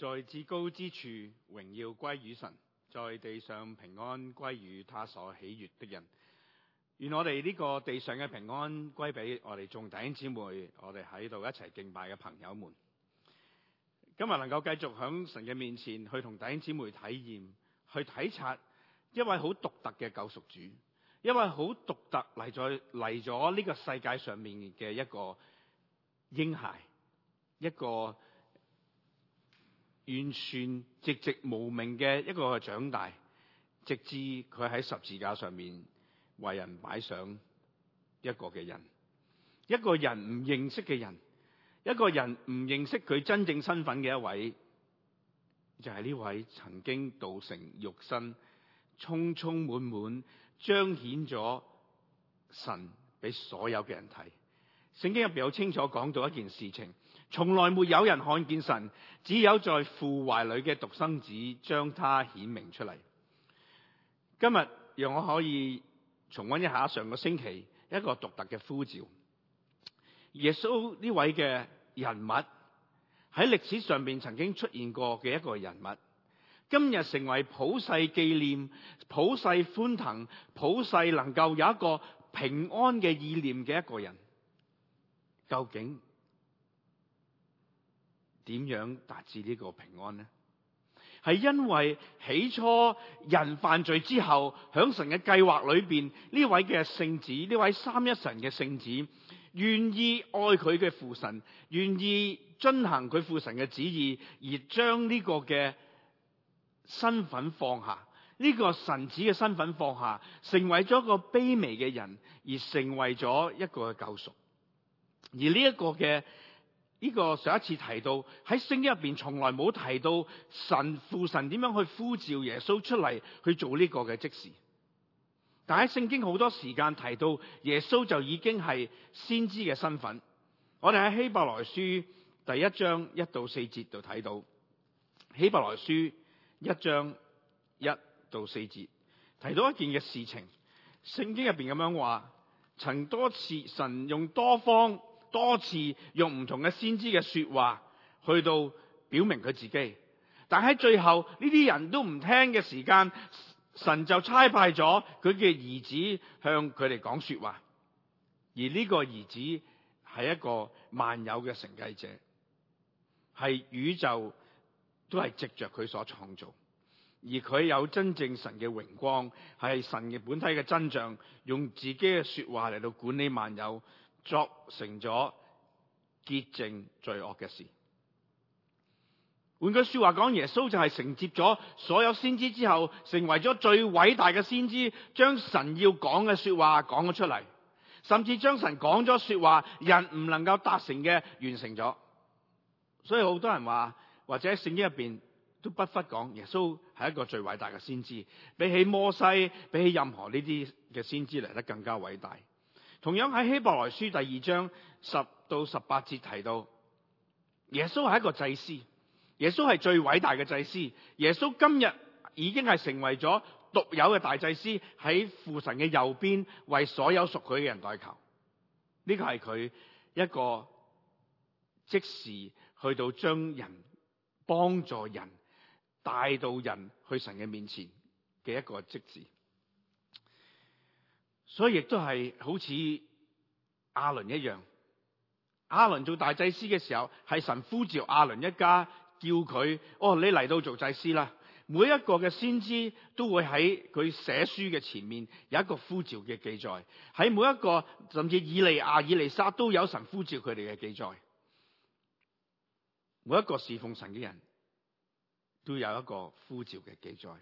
在至高之處，榮耀歸於神；在地上平安歸於他所喜悅的人。願我哋呢個地上嘅平安歸俾我哋眾弟兄姊妹，我哋喺度一齊敬拜嘅朋友們。今日能夠繼續響神嘅面前去同弟兄姊妹體驗、去體察一位好獨特嘅救贖主，一位好獨特嚟在嚟咗呢個世界上面嘅一個嬰孩，一個。完全寂寂無名嘅一個長大，直至佢喺十字架上面為人擺上一個嘅人，一個人唔認識嘅人，一個人唔認識佢真正身份嘅一位，就係呢位曾經道成肉身，充充滿滿彰顯咗神俾所有嘅人睇。聖經入邊有清楚講到一件事情。從來沒有人看見神，只有在父懷裏嘅獨生子將他顯明出嚟。今日讓我可以重温一下上個星期一個獨特嘅呼召。耶穌呢位嘅人物喺歷史上面曾經出現過嘅一個人物，今日成為普世紀念、普世歡騰、普世能夠有一個平安嘅意念嘅一個人，究竟點樣達至呢個平安呢？係因為起初人犯罪之後，響神嘅計劃裏邊，呢位嘅聖子，呢位三一神嘅聖子，願意愛佢嘅父神，願意遵行佢父神嘅旨意，而將呢個嘅身份放下，呢個神子嘅身份放下，成為咗一個卑微嘅人，而成為咗一個嘅救贖，而呢一個嘅。呢個上一次提到喺聖經入邊，從來冇提到神父神點樣去呼召耶穌出嚟去做呢個嘅職事。但喺聖經好多時間提到耶穌就已經係先知嘅身份。我哋喺希伯來書第一章一到四節度睇到，希伯來書一章一到四節提到一件嘅事情。聖經入邊咁樣話，曾多次神用多方。多次用唔同嘅先知嘅說話去到表明佢自己，但喺最後呢啲人都唔聽嘅時間，神就差派咗佢嘅兒子向佢哋講說話，而呢個兒子係一個萬有嘅承繼者，係宇宙都係藉着佢所創造，而佢有真正神嘅榮光，係神嘅本體嘅真像，用自己嘅說話嚟到管理萬有。作成咗潔淨罪惡嘅事。換句說話講，耶穌就係承接咗所有先知之後，成為咗最偉大嘅先知，將神要講嘅說話講咗出嚟，甚至將神講咗說話，人唔能夠達成嘅，完成咗。所以好多人話，或者聖經入邊都不乏講耶穌係一個最偉大嘅先知，比起摩西，比起任何呢啲嘅先知嚟得更加偉大。同樣喺希伯來書第二章十到十八節提到，耶穌係一個祭司，耶穌係最偉大嘅祭司，耶穌今日已經係成為咗獨有嘅大祭司，喺父神嘅右邊為所有屬佢嘅人代求。呢、這個係佢一個即時去到將人幫助人帶到人去神嘅面前嘅一個職事。所以亦都係好似亞倫一樣，亞倫做大祭司嘅時候，係神呼召亞倫一家叫佢哦，你嚟到做祭司啦。每一個嘅先知都會喺佢寫書嘅前面有一個呼召嘅記載，喺每一個甚至以利亞、以利沙都有神呼召佢哋嘅記載。每一個侍奉神嘅人都有一個呼召嘅記載，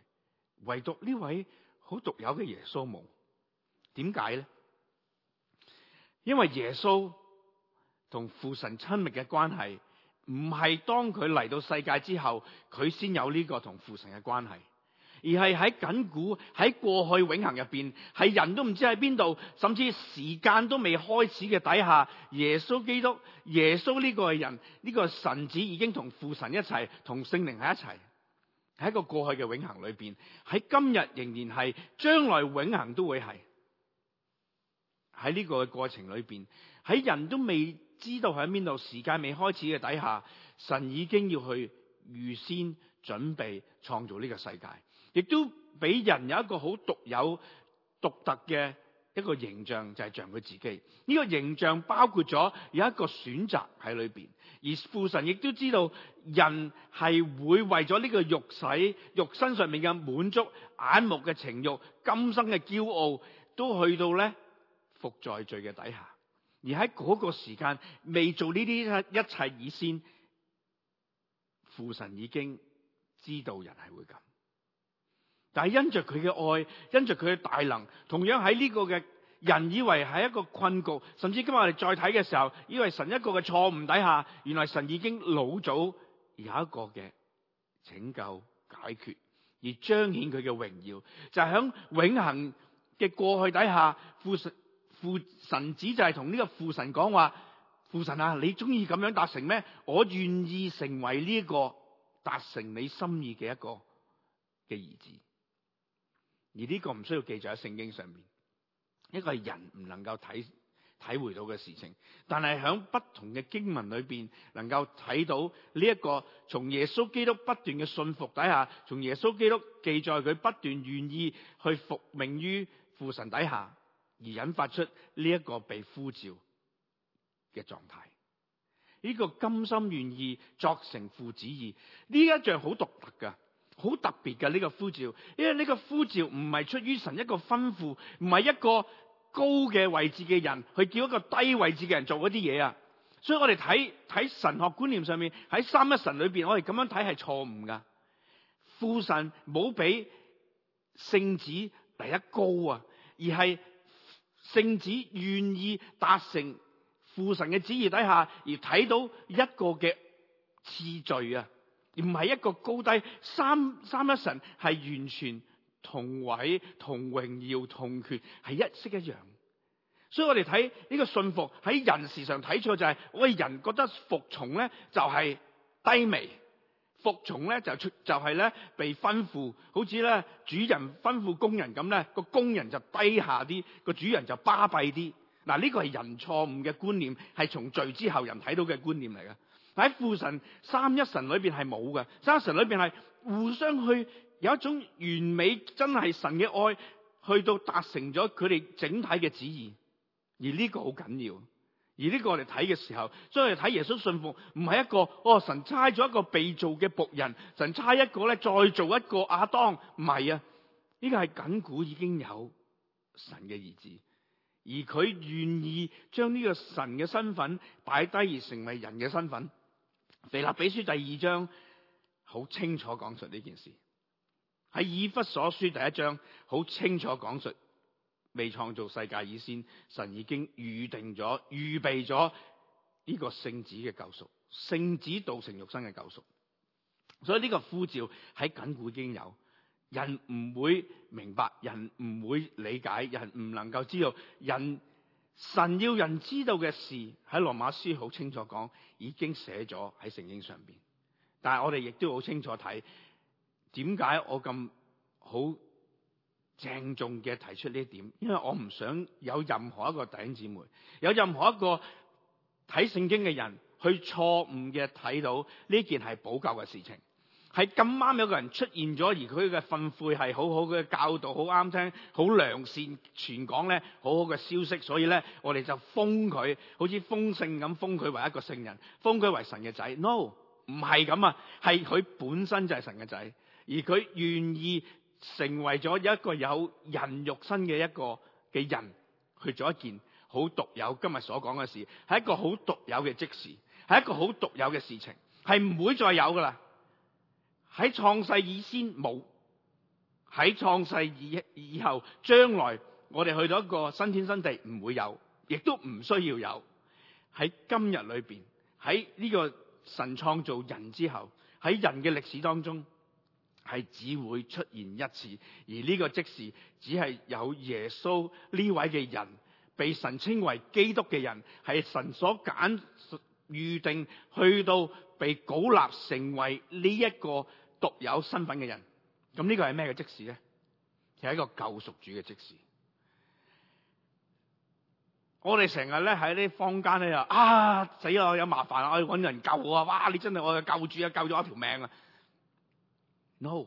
唯獨呢位好獨有嘅耶穌冇。點解咧？因為耶穌同父神親密嘅關係，唔係當佢嚟到世界之後，佢先有呢個同父神嘅關係，而係喺緊古喺過去永恆入邊，係人都唔知喺邊度，甚至時間都未開始嘅底下，耶穌基督耶穌呢個人呢個神子已經同父神一齊，同聖靈喺一齊，喺一個過去嘅永恆裏邊，喺今日仍然係，將來永恆都會係。喺呢個過程裏邊，喺人都未知道喺邊度、時間未開始嘅底下，神已經要去預先準備創造呢個世界，亦都俾人有一個好獨有、獨特嘅一個形象，就係、是、像佢自己。呢、這個形象包括咗有一個選擇喺裏邊，而父神亦都知道人係會為咗呢個肉使、肉身上面嘅滿足、眼目嘅情慾、今生嘅驕傲，都去到呢。伏在罪嘅底下，而喺嗰個時間未做呢啲一切以先，父神已經知道人係會咁。但係因着佢嘅愛，因着佢嘅大能，同樣喺呢個嘅人以為係一個困局，甚至今日我哋再睇嘅時候，以為神一個嘅錯誤底下，原來神已經老早有一個嘅拯救解決，而彰顯佢嘅榮耀，就係、是、響永恆嘅過去底下，父神，父神子就係同呢個父神講話，父神啊，你中意咁樣達成咩？我願意成為呢一個達成你心意嘅一個嘅兒子。而呢個唔需要記載喺聖經上面，一個係人唔能夠體體會到嘅事情。但係響不同嘅經文裏邊，能夠睇到呢一個從耶穌基督不斷嘅信服底下，從耶穌基督記載佢不斷願意去復命於父神底下。而引發出呢一個被呼召嘅狀態，呢個甘心願意作成父子義，呢一樣好獨特噶，好特別嘅呢個呼召，因為呢個呼召唔係出於神一個吩咐，唔係一個高嘅位置嘅人去叫一個低位置嘅人做一啲嘢啊，所以我哋睇睇神學觀念上面喺三一神裏邊，我哋咁樣睇係錯誤噶，父神冇俾聖子第一高啊，而係。聖子願意達成父神嘅旨意底下，而睇到一個嘅次序啊，而唔係一個高低三三一神係完全同位、同榮耀、同權，係一式一樣。所以我哋睇呢個信服喺人事上睇錯就係、是，我哋人覺得服從咧就係、是、低微。服從咧就出就係咧被吩咐，好似咧主人吩咐工人咁咧，個工人就低下啲，個主人就巴閉啲。嗱，呢個係人錯誤嘅觀念，係從罪之後人睇到嘅觀念嚟嘅。喺父神三一神裏邊係冇嘅，三一神裏邊係互相去有一種完美真，真係神嘅愛去到達成咗佢哋整體嘅旨意，而呢個好緊要。而呢個我哋睇嘅時候，將嚟睇耶穌信服，唔係一個哦神差咗一個被造嘅僕人，神差一個咧再做一個亞當，唔係啊，呢個係緊古已經有神嘅意志，而佢願意將呢個神嘅身份擺低而成為人嘅身份。腓立比書第二章好清楚講述呢件事，喺以弗所書第一章好清楚講述。未創造世界以先，神已經預定咗、預備咗呢個聖子嘅救贖，聖子道成肉身嘅救贖。所以呢個呼召喺緊古已經有，人唔會明白，人唔會理解，人唔能夠知道，人神要人知道嘅事喺羅馬書好清楚講，已經寫咗喺聖經上邊。但係我哋亦都好清楚睇，點解我咁好？鄭重嘅提出呢一點，因為我唔想有任何一個弟兄姊妹，有任何一個睇聖經嘅人去錯誤嘅睇到呢件係補救嘅事情。係咁啱有個人出現咗，而佢嘅訓誨係好好嘅教導，好啱聽，好良善傳講咧，好好嘅消息。所以咧，我哋就封佢，好似封聖咁封佢為一個聖人，封佢為神嘅仔。No，唔係咁啊，係佢本身就係神嘅仔，而佢願意。成為咗一個有人肉身嘅一個嘅人，去做一件好獨有今日所講嘅事，係一個好獨有嘅職事，係一個好獨有嘅事情，係唔會再有噶啦。喺創世以先冇，喺創世以以後，將來我哋去到一個新天新地，唔會有，亦都唔需要有。喺今日裏邊，喺呢個神創造人之後，喺人嘅歷史當中。係只會出現一次，而呢個職事只係有耶穌呢位嘅人，被神稱為基督嘅人，係神所揀預定去到被膏立成為呢一個獨有身份嘅人。咁、嗯、呢、呢個係咩嘅職事咧？其實係一個救贖主嘅職事。我哋成日咧喺啲坊間咧又啊死啦有麻煩啊，我要揾人救我啊！哇，你真係我嘅救主啊，救咗一條命啊！no，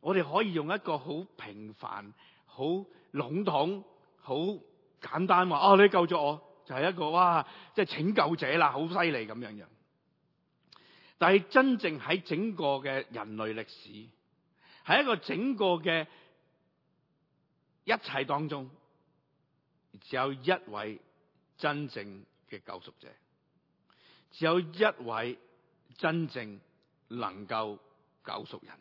我哋可以用一個好平凡、好籠統、好簡單話啊、哦！你救咗我，就係、是、一個哇，即係拯救者啦，好犀利咁樣樣。但係真正喺整個嘅人類歷史，喺一個整個嘅一切當中，只有一位真正嘅救贖者，只有一位真正能夠救贖人。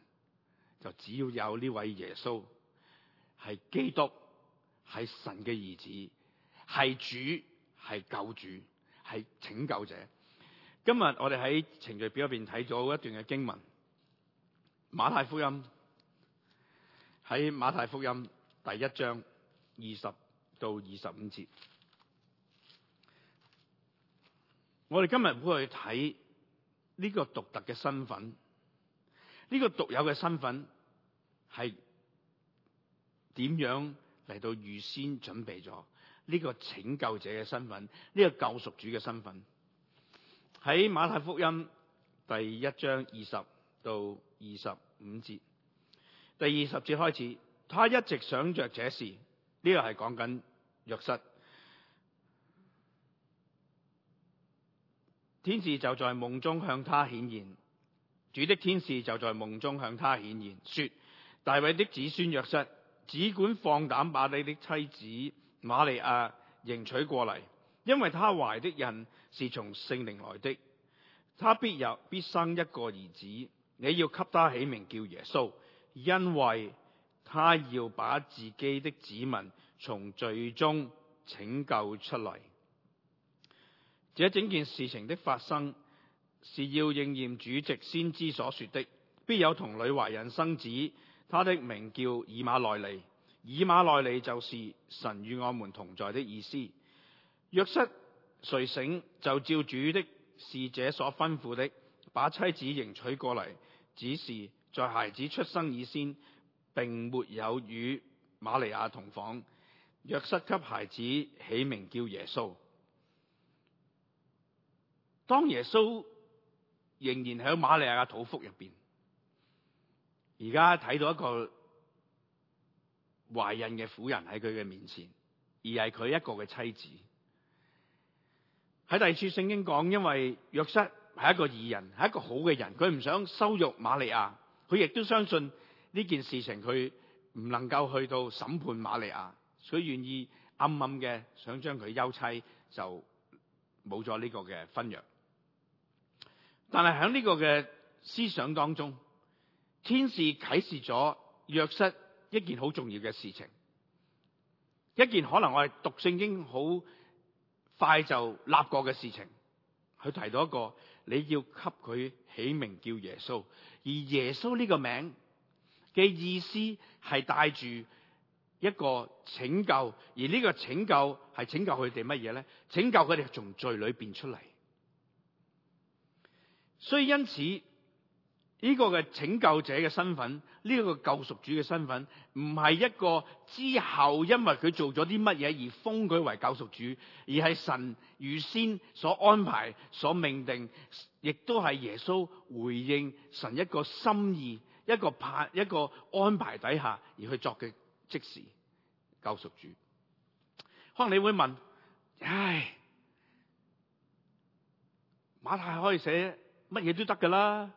就只要有呢位耶穌，係基督，係神嘅兒子，係主，係救主，係拯救者。今日我哋喺程序表入邊睇咗一段嘅經文，《馬太福音》，喺《馬太福音》第一章二十到二十五節。我哋今日會去睇呢個獨特嘅身份。呢個獨有嘅身份係點樣嚟到預先準備咗呢、這個拯救者嘅身份，呢、這個救贖主嘅身份？喺馬太福音第一章二十到二十五節，第二十節開始，他一直想着這事。呢、這個係講緊約瑟。天使就在夢中向他顯現。主的天使就在夢中向他顯現，說：大衛的子孫約瑟，只管放膽把你的妻子瑪利亞迎娶過嚟，因為她懷的孕是從聖靈來的，他必有必生一個兒子，你要給他起名叫耶穌，因為他要把自己的子民從罪中拯救出嚟。」這整件事情的發生。是要應驗主藉先知所說的，必有童女懷孕生子，他的名叫以馬內利。以馬內利就是神與我們同在的意思。約瑟睡醒，就照主的使者所吩咐的，把妻子迎娶過嚟。只是在孩子出生以先，並沒有與瑪利亞同房。約瑟給孩子起名叫耶穌。當耶穌。仍然喺瑪利亞嘅肚腹入邊，而家睇到一個懷孕嘅婦人喺佢嘅面前，而係佢一個嘅妻子。喺第二處聖經講，因為約瑟係一個義人，係一個好嘅人，佢唔想羞辱瑪利亞，佢亦都相信呢件事情佢唔能夠去到審判瑪利亞，佢願意暗暗嘅想將佢休妻，就冇咗呢個嘅婚約。但係響呢個嘅思想當中，天使啟示咗約瑟一件好重要嘅事情，一件可能我哋讀聖經好快就立過嘅事情，佢提到一個，你要給佢起名叫耶穌，而耶穌呢個名嘅意思係帶住一個拯救，而呢個拯救係拯救佢哋乜嘢咧？拯救佢哋從罪裏邊出嚟。所以因此呢個嘅拯救者嘅身份，呢個救贖主嘅身份，唔係一個之後因為佢做咗啲乜嘢而封佢為救贖主，而係神預先所安排、所命定，亦都係耶穌回應神一個心意、一個派、一個安排底下而去作嘅即時救贖主。可能你會問：唉，馬太可以寫？乜嘢都得噶啦，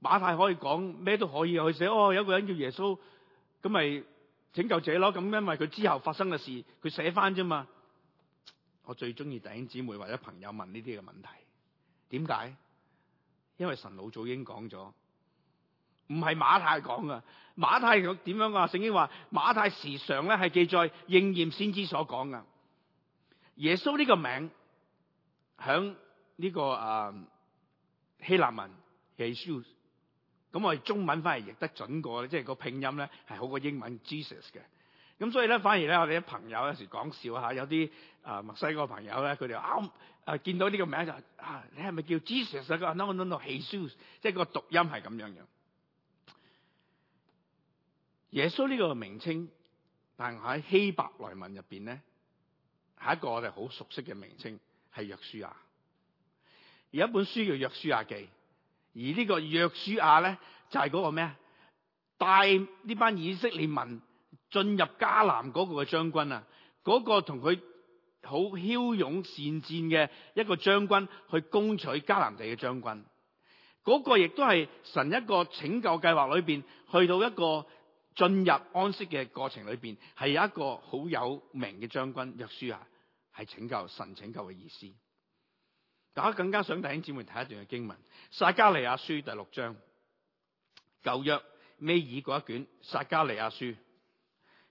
馬太可以講咩都可以去寫。哦，有一個人叫耶穌，咁咪拯救者咯。咁因為佢之後發生嘅事，佢寫翻啫嘛。我最中意弟兄姊妹或者朋友問呢啲嘅問題。點解？因為神老早已經講咗，唔係馬太講噶。馬太點樣話？聖經話馬太時常咧，係記載應驗先知所講噶。耶穌呢個名響呢、這個誒。呃希臘文 Jesus，咁我哋中文反而譯得準過，即係個拼音咧係好過英文 Jesus 嘅。咁所以咧，反而咧我哋啲朋友有時講笑吓，有啲啊、呃、墨西哥朋友咧，佢哋啊，啊見到呢個名就啊，你係咪叫 Jesus 啊？No no no 希斯，即係個讀音係咁樣樣。耶穌呢個名稱，但係喺希伯來文入邊咧，係一個我哋好熟悉嘅名稱係約書亞。有一本書叫《約書亞記》，而呢、這個約書亞咧就係、是、嗰個咩啊？帶呢班以色列民進入迦南嗰個嘅將軍啊，嗰、那個同佢好驍勇善戰嘅一個將軍去攻取迦南地嘅將軍，嗰、那個亦都係神一個拯救計劃裏邊去到一個進入安息嘅過程裏邊，係有一個好有名嘅將軍約書亞，係拯救神拯救嘅意思。大家更加想兄弟兄姊妹睇一段嘅經文，《撒迦利亞書》第六章，舊約尾二嗰一卷《撒迦利亞書》即，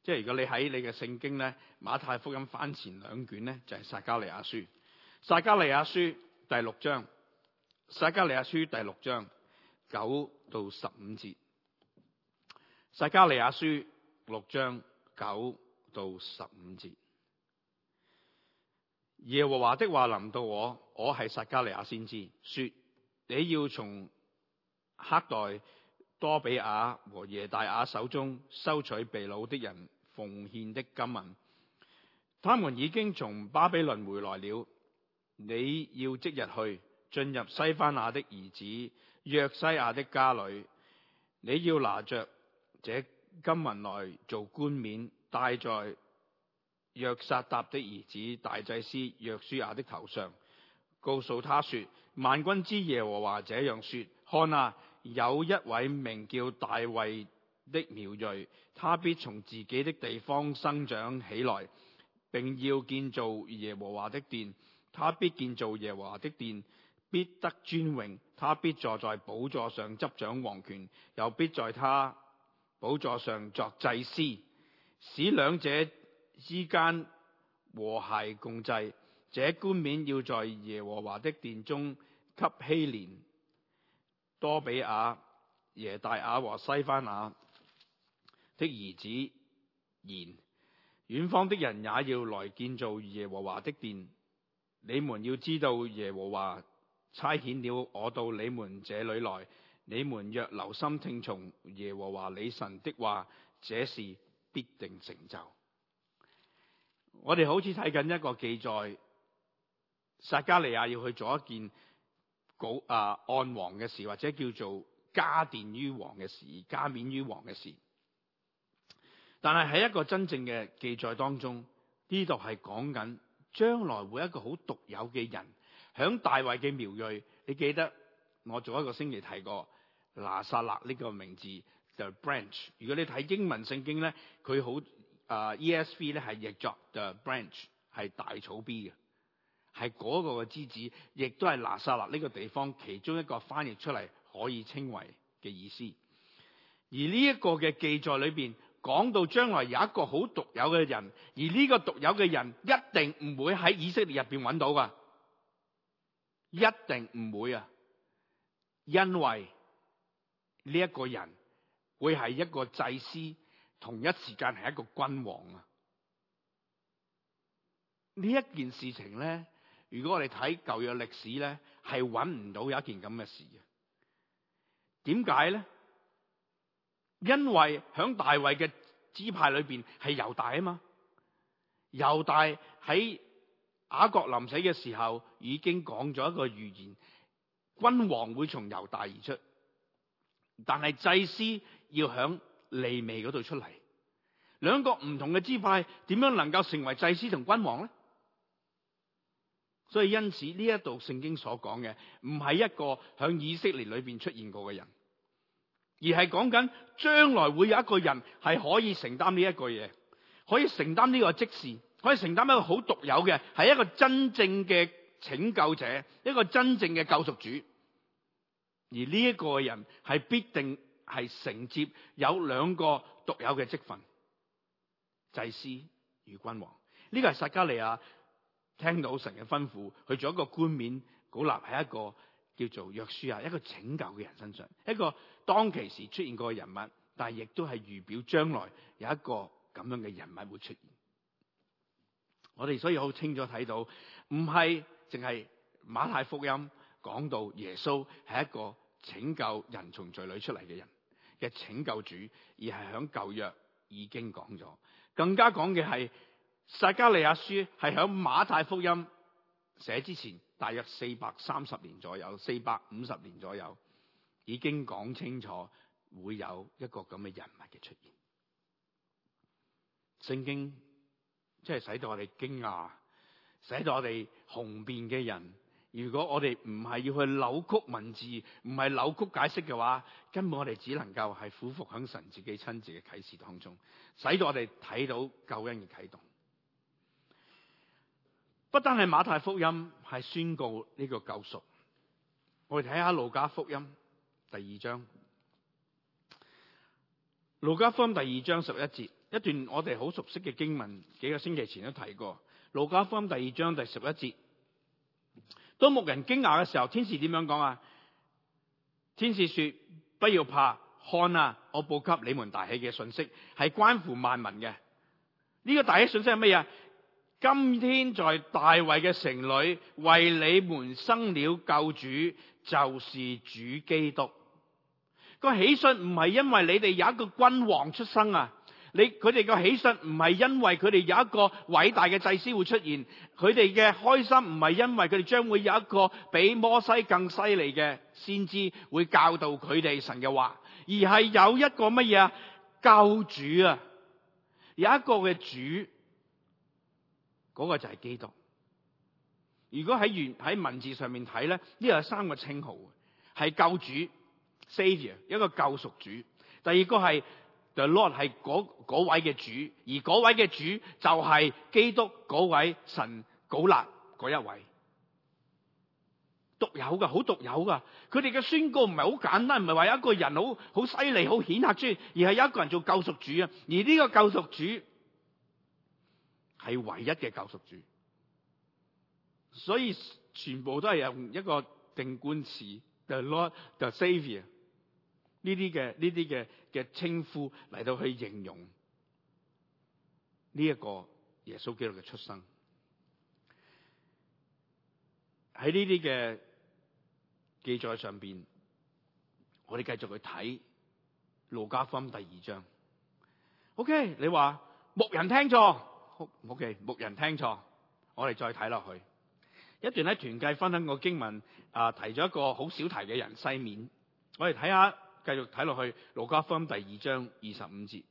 即係如果你喺你嘅聖經咧，馬太福音翻前兩卷咧，就係《撒迦利亞書》。《撒迦利亞書》第六章，《撒迦利亞書》第六章，第六章九到十五節，《撒迦利亞書》六章九到十五節。耶和華的話臨到我，我係撒迦利亞先知，說，你要從黑代、多比雅和耶大雅手中收取被擄的人奉獻的金銀。」他們已經從巴比倫回來了。你要即日去進入西番雅的兒子約西亞的家裏，你要拿着這金銀來做冠冕，戴在。約撒答的兒子大祭司約書亞的頭上，告訴他說：萬軍之耶和華這樣說：看啊，有一位名叫大衛的苗裔，他必從自己的地方生長起來，並要建造耶和華的殿。他必建造耶和華的殿，必得尊榮。他必坐在寶座上執掌王權，又必在他寶座上作祭司，使兩者。之間和諧共濟，這冠冕要在耶和華的殿中給希連、多比雅、耶大雅和西番雅的兒子言。遠方的人也要來建造耶和華的殿。你們要知道耶和華差遣了我到你們這裏來。你們若留心聽從耶和華你神的話，這事必定成就。我哋好似睇緊一個記載，撒迦利亞要去做一件古啊暗王嘅事，或者叫做加冕於王嘅事，加冕於王嘅事。但係喺一個真正嘅記載當中，呢度係講緊將來會一個好獨有嘅人，響大衛嘅苗裔。你記得我早一個星期提過拿撒勒呢個名字就 Branch。如果你睇英文聖經咧，佢好。啊 ESV 咧，係譯作嘅 Branch 係大草 B 嘅，係個嘅枝子，亦都係拿撒勒呢個地方其中一個翻譯出嚟可以稱為嘅意思。而呢一個嘅記載裏邊講到將來有一個好獨有嘅人，而呢個獨有嘅人一定唔會喺以色列入邊揾到㗎，一定唔會啊，因為呢一個人會係一個祭司。同一時間係一個君王啊！呢一件事情咧，如果我哋睇舊約歷史咧，係揾唔到有一件咁嘅事嘅。點解咧？因為喺大衛嘅支派裏邊係猶大啊嘛。猶大喺雅各臨死嘅時候已經講咗一個預言：君王會從猶大而出。但係祭司要響利未嗰度出嚟，兩個唔同嘅支派點樣能夠成為祭司同君王咧？所以因此呢一度聖經所講嘅，唔係一個響以色列裏邊出現過嘅人，而係講緊將來會有一個人係可以承擔呢一個嘢，可以承擔呢個職事，可以承擔一個好獨有嘅，係一個真正嘅拯救者，一個真正嘅救贖主。而呢一個人係必定。係承接有兩個獨有嘅職份，祭司與君王。呢、這個係撒迦利亞聽到神嘅吩咐，去做一個冠冕，建立喺一個叫做約書亞，一個拯救嘅人身上，一個當其時出現過嘅人物，但係亦都係預表將來有一個咁樣嘅人物會出現。我哋所以好清楚睇到，唔係淨係馬太福音講到耶穌係一個拯救人從罪裏出嚟嘅人嘅拯救主，而係響舊約已經講咗，更加講嘅係撒加利亞書係響馬太福音寫之前大約四百三十年左右，四百五十年左右已經講清楚會有一個咁嘅人物嘅出現。聖經即係、就是、使到我哋驚訝，使到我哋紅辯嘅人。如果我哋唔係要去扭曲文字，唔係扭曲解釋嘅話，根本我哋只能夠係俯伏響神自己親自嘅啟示當中，使到我哋睇到救恩嘅啟動。不單係馬太福音係宣告呢個救贖，我哋睇下路加福音第二章。路加福音第二章十一節一段我哋好熟悉嘅經文，幾個星期前都提過。路加福音第二章第十一節。當牧人驚訝嘅時候，天使點樣講啊？天使說：不要怕，看啊！我報給你們大喜嘅信息，係關乎萬民嘅。呢、這個大喜信息係乜嘢？今天在大衛嘅城裏為你們生了救主，就是主基督。那個喜訊唔係因為你哋有一個君王出生啊！你佢哋嘅喜悅唔係因為佢哋有一個偉大嘅祭司會出現，佢哋嘅開心唔係因為佢哋將會有一個比摩西更犀利嘅先知會教導佢哋神嘅話，而係有一個乜嘢啊？救主啊，有一個嘅主，嗰個就係基督。如果喺原喺文字上面睇咧，呢度有三個稱號，係救主 （Savior） 一個救贖主，第二個係。The Lord 係嗰位嘅主，而嗰位嘅主就係基督嗰位神古立嗰一位，獨有噶，好獨有噶。佢哋嘅宣告唔係好簡單，唔係話有一個人好好犀利好顯赫出嚟，而係有一個人做救贖主啊！而呢個救贖主係唯一嘅救贖主，所以全部都係用一個定冠詞 The Lord The Savior。呢啲嘅呢啲嘅嘅稱呼嚟到去形容呢一個耶穌基督嘅出生喺呢啲嘅記載上邊，我哋繼續去睇路加福音第二章。OK，你話牧人聽錯，O K，牧人聽錯，我哋再睇落去一段喺團契分享個經文啊，提咗一個好少提嘅人西面，我哋睇下。繼續睇落去《路加福音》第二章二十五節，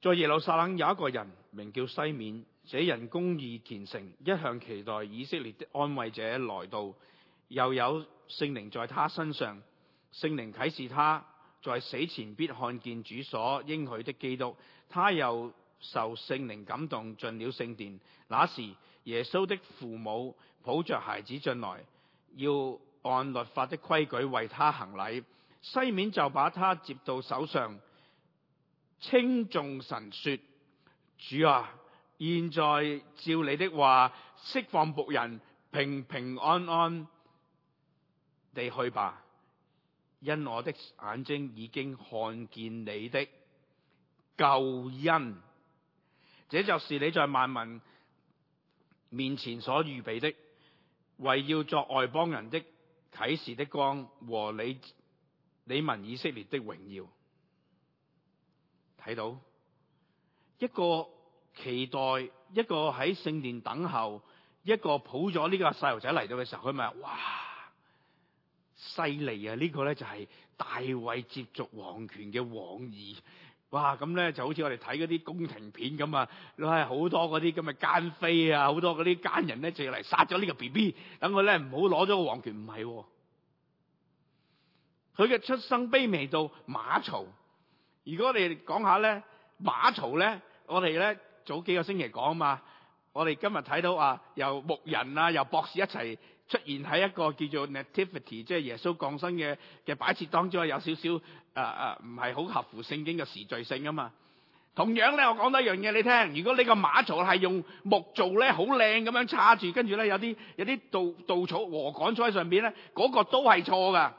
在耶路撒冷有一個人名叫西緬，這人公義虔誠，一向期待以色列的安慰者來到，又有聖靈在他身上，聖靈啟示他，在死前必看見主所應許的基督。他又受聖靈感動，進了聖殿。那時，耶穌的父母抱着孩子進來，要按律法的規矩為他行禮。西面就把他接到手上，稱頌神說：主啊，現在照你的話釋放僕人，平平安安地去吧。因我的眼睛已經看見你的救恩，這就是你在萬民面前所預備的，為要作外邦人的啟示的光和你。你問以色列的榮耀，睇到一個期待，一個喺聖殿等候，一個抱咗呢個細路仔嚟到嘅時候，佢咪話，哇，犀利啊！呢個咧就係大衛接續皇權嘅王兒，哇！咁咧、啊這個、就好似我哋睇嗰啲宮廷片咁啊，哇！好多嗰啲咁嘅奸妃啊，好多嗰啲奸人咧，就嚟殺咗呢個 B B，等佢咧唔好攞咗個皇權，唔係、啊。佢嘅出生卑微到馬槽。如果你哋講下咧，馬槽咧，我哋咧早幾個星期講啊嘛。我哋今日睇到啊，由牧人啊，由博士一齊出現喺一個叫做 Nativity，即係耶穌降生嘅嘅擺設當中啊，有少少啊啊，唔係好合乎聖經嘅時序性啊嘛。同樣咧，我講多一樣嘢你聽。如果你個馬槽係用木做咧，好靚咁樣叉住，跟住咧有啲有啲稻稻草禾稈草喺上邊咧，嗰個都係錯噶。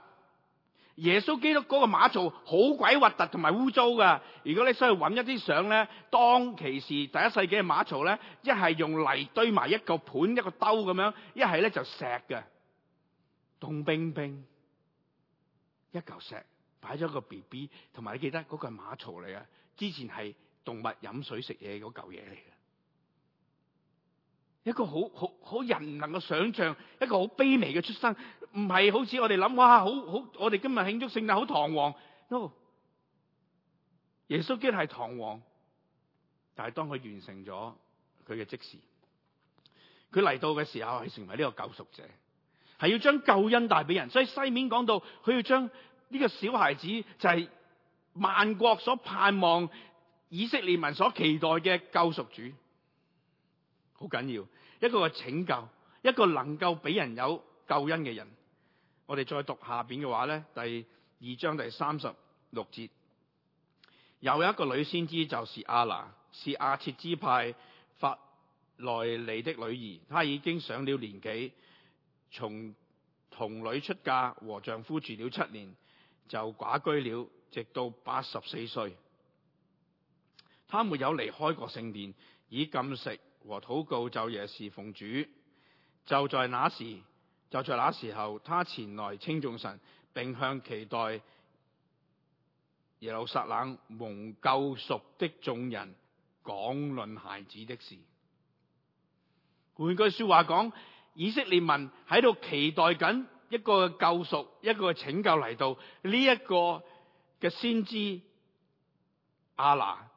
耶穌基督嗰個馬槽好鬼核突同埋污糟噶。如果你想去搵一啲相咧，當其時第一世紀嘅馬槽咧，一係用泥堆埋一個盤一個兜咁樣，一係咧就石嘅，凍冰冰，一嚿石擺咗個 BB，同埋你記得嗰個係馬槽嚟嘅，之前係動物飲水食嘢嗰嚿嘢嚟嘅，一個好好好人能夠想象，一個好卑微嘅出生。唔係好似我哋諗，下、啊、好好！我哋今日慶祝聖誕，好堂皇。NO 耶穌基督係堂皇，但係當佢完成咗佢嘅職事，佢嚟到嘅時候係成為呢個救贖者，係要將救恩帶俾人。所以西面講到，佢要將呢個小孩子就係萬國所盼望、以色列民所期待嘅救贖主，好緊要。一個嘅拯救，一個能夠俾人有救恩嘅人。我哋再讀下邊嘅話呢。第二章第三十六節，有一個女先知，就是亞拿，是亞設支派法內利的女兒，她已經上了年紀，從童女出嫁和丈夫住了七年，就寡居了，直到八十四歲。她沒有離開過聖殿，以禁食和禱告晝夜事奉主。就在那時。就在那時候，他前來稱眾神，並向期待耶路撒冷蒙救贖的眾人講論孩子的事。換句說話講，以色列民喺度期待緊一個救贖，一個拯救嚟到。呢一個嘅先知亞拿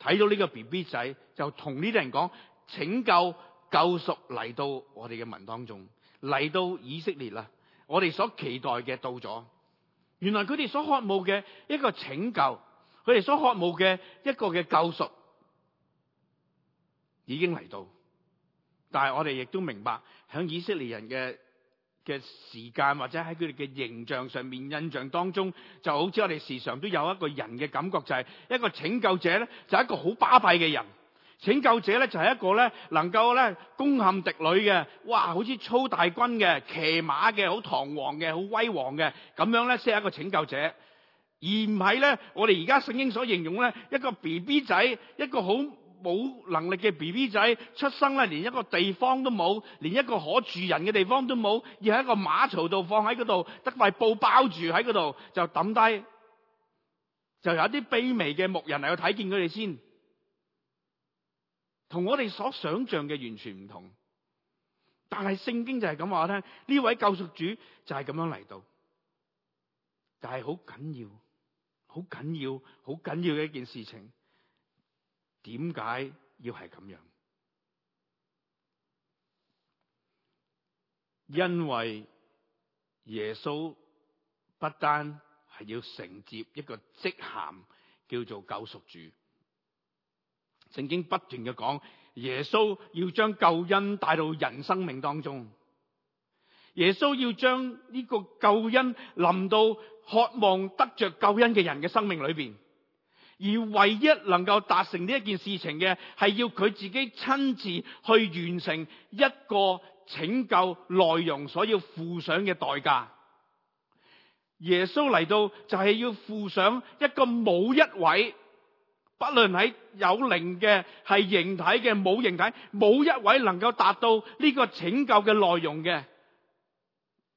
睇到呢個 B B 仔，就同呢啲人講拯救、救贖嚟到我哋嘅民當中。嚟到以色列啦，我哋所期待嘅到咗，原來佢哋所渴慕嘅一個拯救，佢哋所渴慕嘅一個嘅救贖已經嚟到，但係我哋亦都明白，響以色列人嘅嘅時間或者喺佢哋嘅形象上面印象當中，就好似我哋時常都有一個人嘅感覺，就係一個拯救者咧，就係一個好巴閉嘅人。拯救者咧就係一個咧能夠咧攻陷敵壘嘅，哇！好似操大軍嘅，騎馬嘅，好堂皇嘅，好威皇嘅咁樣咧，先係一個拯救者，而唔係咧我哋而家聖經所形容咧一個 B B 仔，一個好冇能力嘅 B B 仔，出生咧連一個地方都冇，連一個可住人嘅地方都冇，而喺一個馬槽度放喺度，得塊布包住喺度就抌低，就有啲卑微嘅牧人嚟去睇見佢哋先。同我哋所想象嘅完全唔同，但係聖經就係咁話我聽，呢位救贖主就係咁樣嚟到，但係好緊要、好緊要、好緊要嘅一件事情，點解要係咁樣？因為耶穌不單係要承接一個職銜叫做救贖主。聖經不斷嘅講，耶穌要將救恩帶到人生命當中，耶穌要將呢個救恩臨到渴望得着救恩嘅人嘅生命裏邊，而唯一能夠達成呢一件事情嘅，係要佢自己親自去完成一個拯救內容所要付上嘅代價。耶穌嚟到就係要付上一個冇一位，不論喺有靈嘅、係形體嘅、冇形體，冇一位能夠達到呢個拯救嘅內容嘅，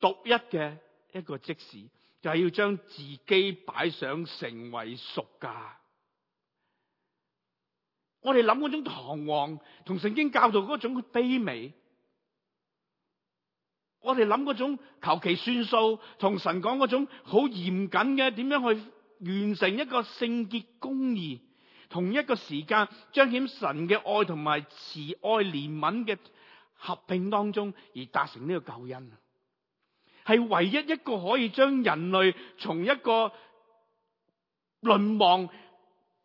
獨一嘅一個職事就係要將自己擺上成為贖價。我哋諗嗰種堂皇，同聖經教導嗰種卑微；我哋諗嗰種求其算數，同神講嗰種好嚴謹嘅，點樣去完成一個聖潔公義，同一個時間彰顯神嘅愛同埋慈愛憐憫嘅合併當中而達成呢個救恩，係唯一一個可以將人類從一個淪亡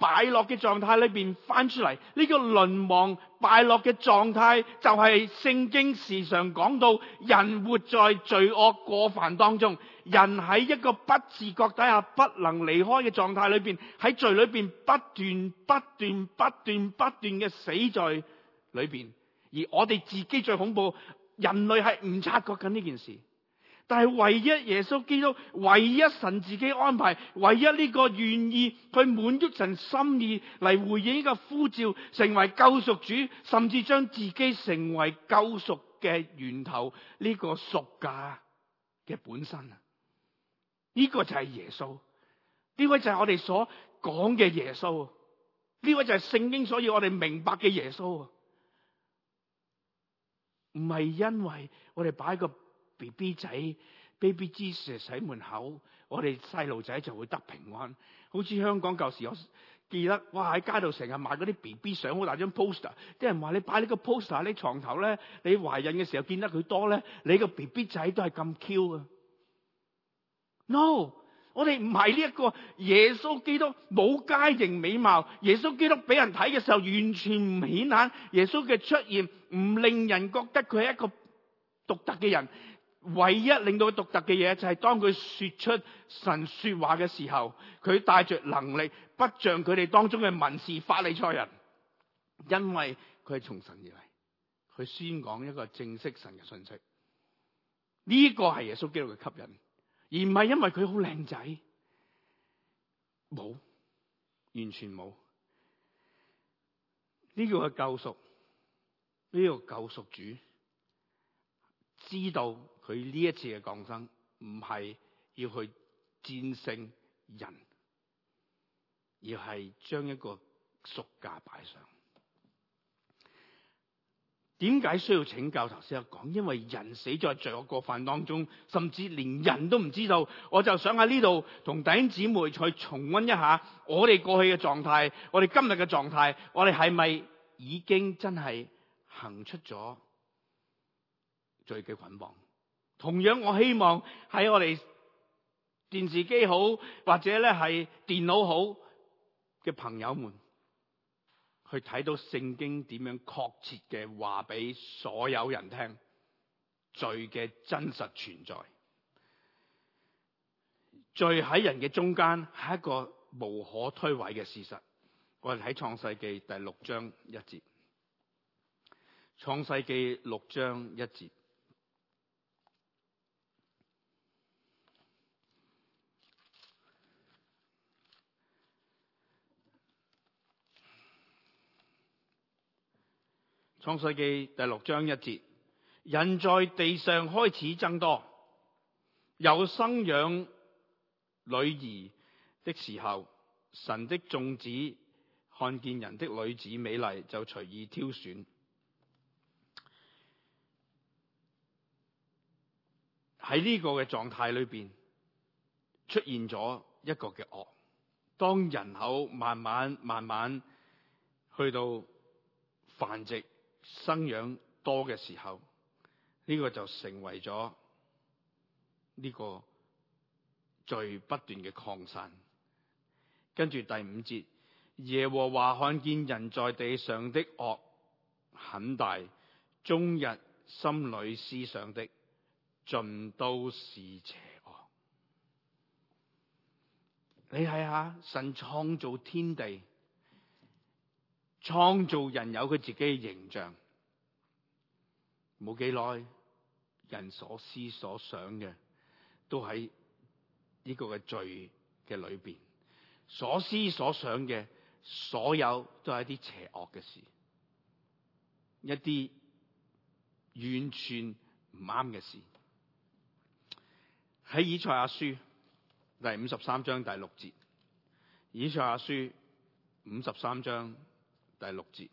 敗落嘅狀態裏邊翻出嚟，呢、這個淪亡敗落嘅狀態就係、是、聖經時常講到，人活在罪惡過犯當中，人喺一個不自覺底下不能離開嘅狀態裏邊，喺罪裏邊不斷不斷不斷不斷嘅死在裏邊，而我哋自己最恐怖，人類係唔察覺緊呢件事。但係唯一耶穌基督唯一神自己安排，唯一呢個願意去滿足神心意嚟，回應呢個呼召，成為救贖主，甚至將自己成為救贖嘅源頭呢、呢個贖價嘅本身啊！呢、呢個就係耶穌，呢、呢、位、個、就係我哋所講嘅耶穌，啊，呢位就係聖經所以我哋明白嘅耶穌啊！唔係因為我哋擺個。B B 仔 B B 芝士喺門口，我哋細路仔就會得平安。好似香港舊時，我記得哇喺街度成日賣嗰啲 B B 相，好大張 poster。啲人話你擺呢個 poster 喺床頭咧，你懷孕嘅時候見得佢多咧，你個 B B 仔都係咁 Q 啊 No，我哋唔係呢一個耶穌基督冇佳型美貌。耶穌基督俾人睇嘅時候，完全唔顯眼。耶穌嘅出現唔令人覺得佢係一個獨特嘅人。唯一令到佢獨特嘅嘢，就係、是、當佢說出神說話嘅時候，佢帶着能力，不像佢哋當中嘅文士法利賽人，因為佢係從神而嚟，佢先講一個正式神嘅信息。呢、這個係耶穌基督嘅吸引，而唔係因為佢好靚仔，冇，完全冇。呢、這個係救贖，呢、這個救贖主知道。佢呢一次嘅降生，唔係要去戰勝人，而係將一個贖價擺上。點解需要請教？頭先阿講，因為人死在罪惡過犯當中，甚至連人都唔知道。我就想喺呢度同弟兄姊妹再重溫一下我哋過去嘅狀態，我哋今日嘅狀態，我哋係咪已經真係行出咗罪嘅捆綁？同樣我希望喺我哋電視機好或者咧係電腦好嘅朋友們，去睇到聖經點樣確切嘅話俾所有人聽，罪嘅真實存在，罪喺人嘅中間係一個無可推諉嘅事實。我哋喺創世記第六章一節，創世記六章一節。創世紀第六章一節，人在地上開始增多，有生養女兒的時候，神的眾子看見人的女子美麗，就隨意挑選。喺呢個嘅狀態裏邊，出現咗一個嘅惡。當人口慢慢慢慢去到繁殖。生養多嘅時候，呢、這個就成為咗呢個最不斷嘅擴散。跟住第五節，耶和華看見人在地上的惡很大，終日心裏思想的盡都是邪惡。你睇下，神創造天地。創造人有佢自己嘅形象，冇幾耐，人所思所想嘅都喺呢個嘅罪嘅裏邊。所思所想嘅所有都係一啲邪惡嘅事，一啲完全唔啱嘅事。喺以賽亞書第五十三章第六節，以賽亞書五十三章。第六節，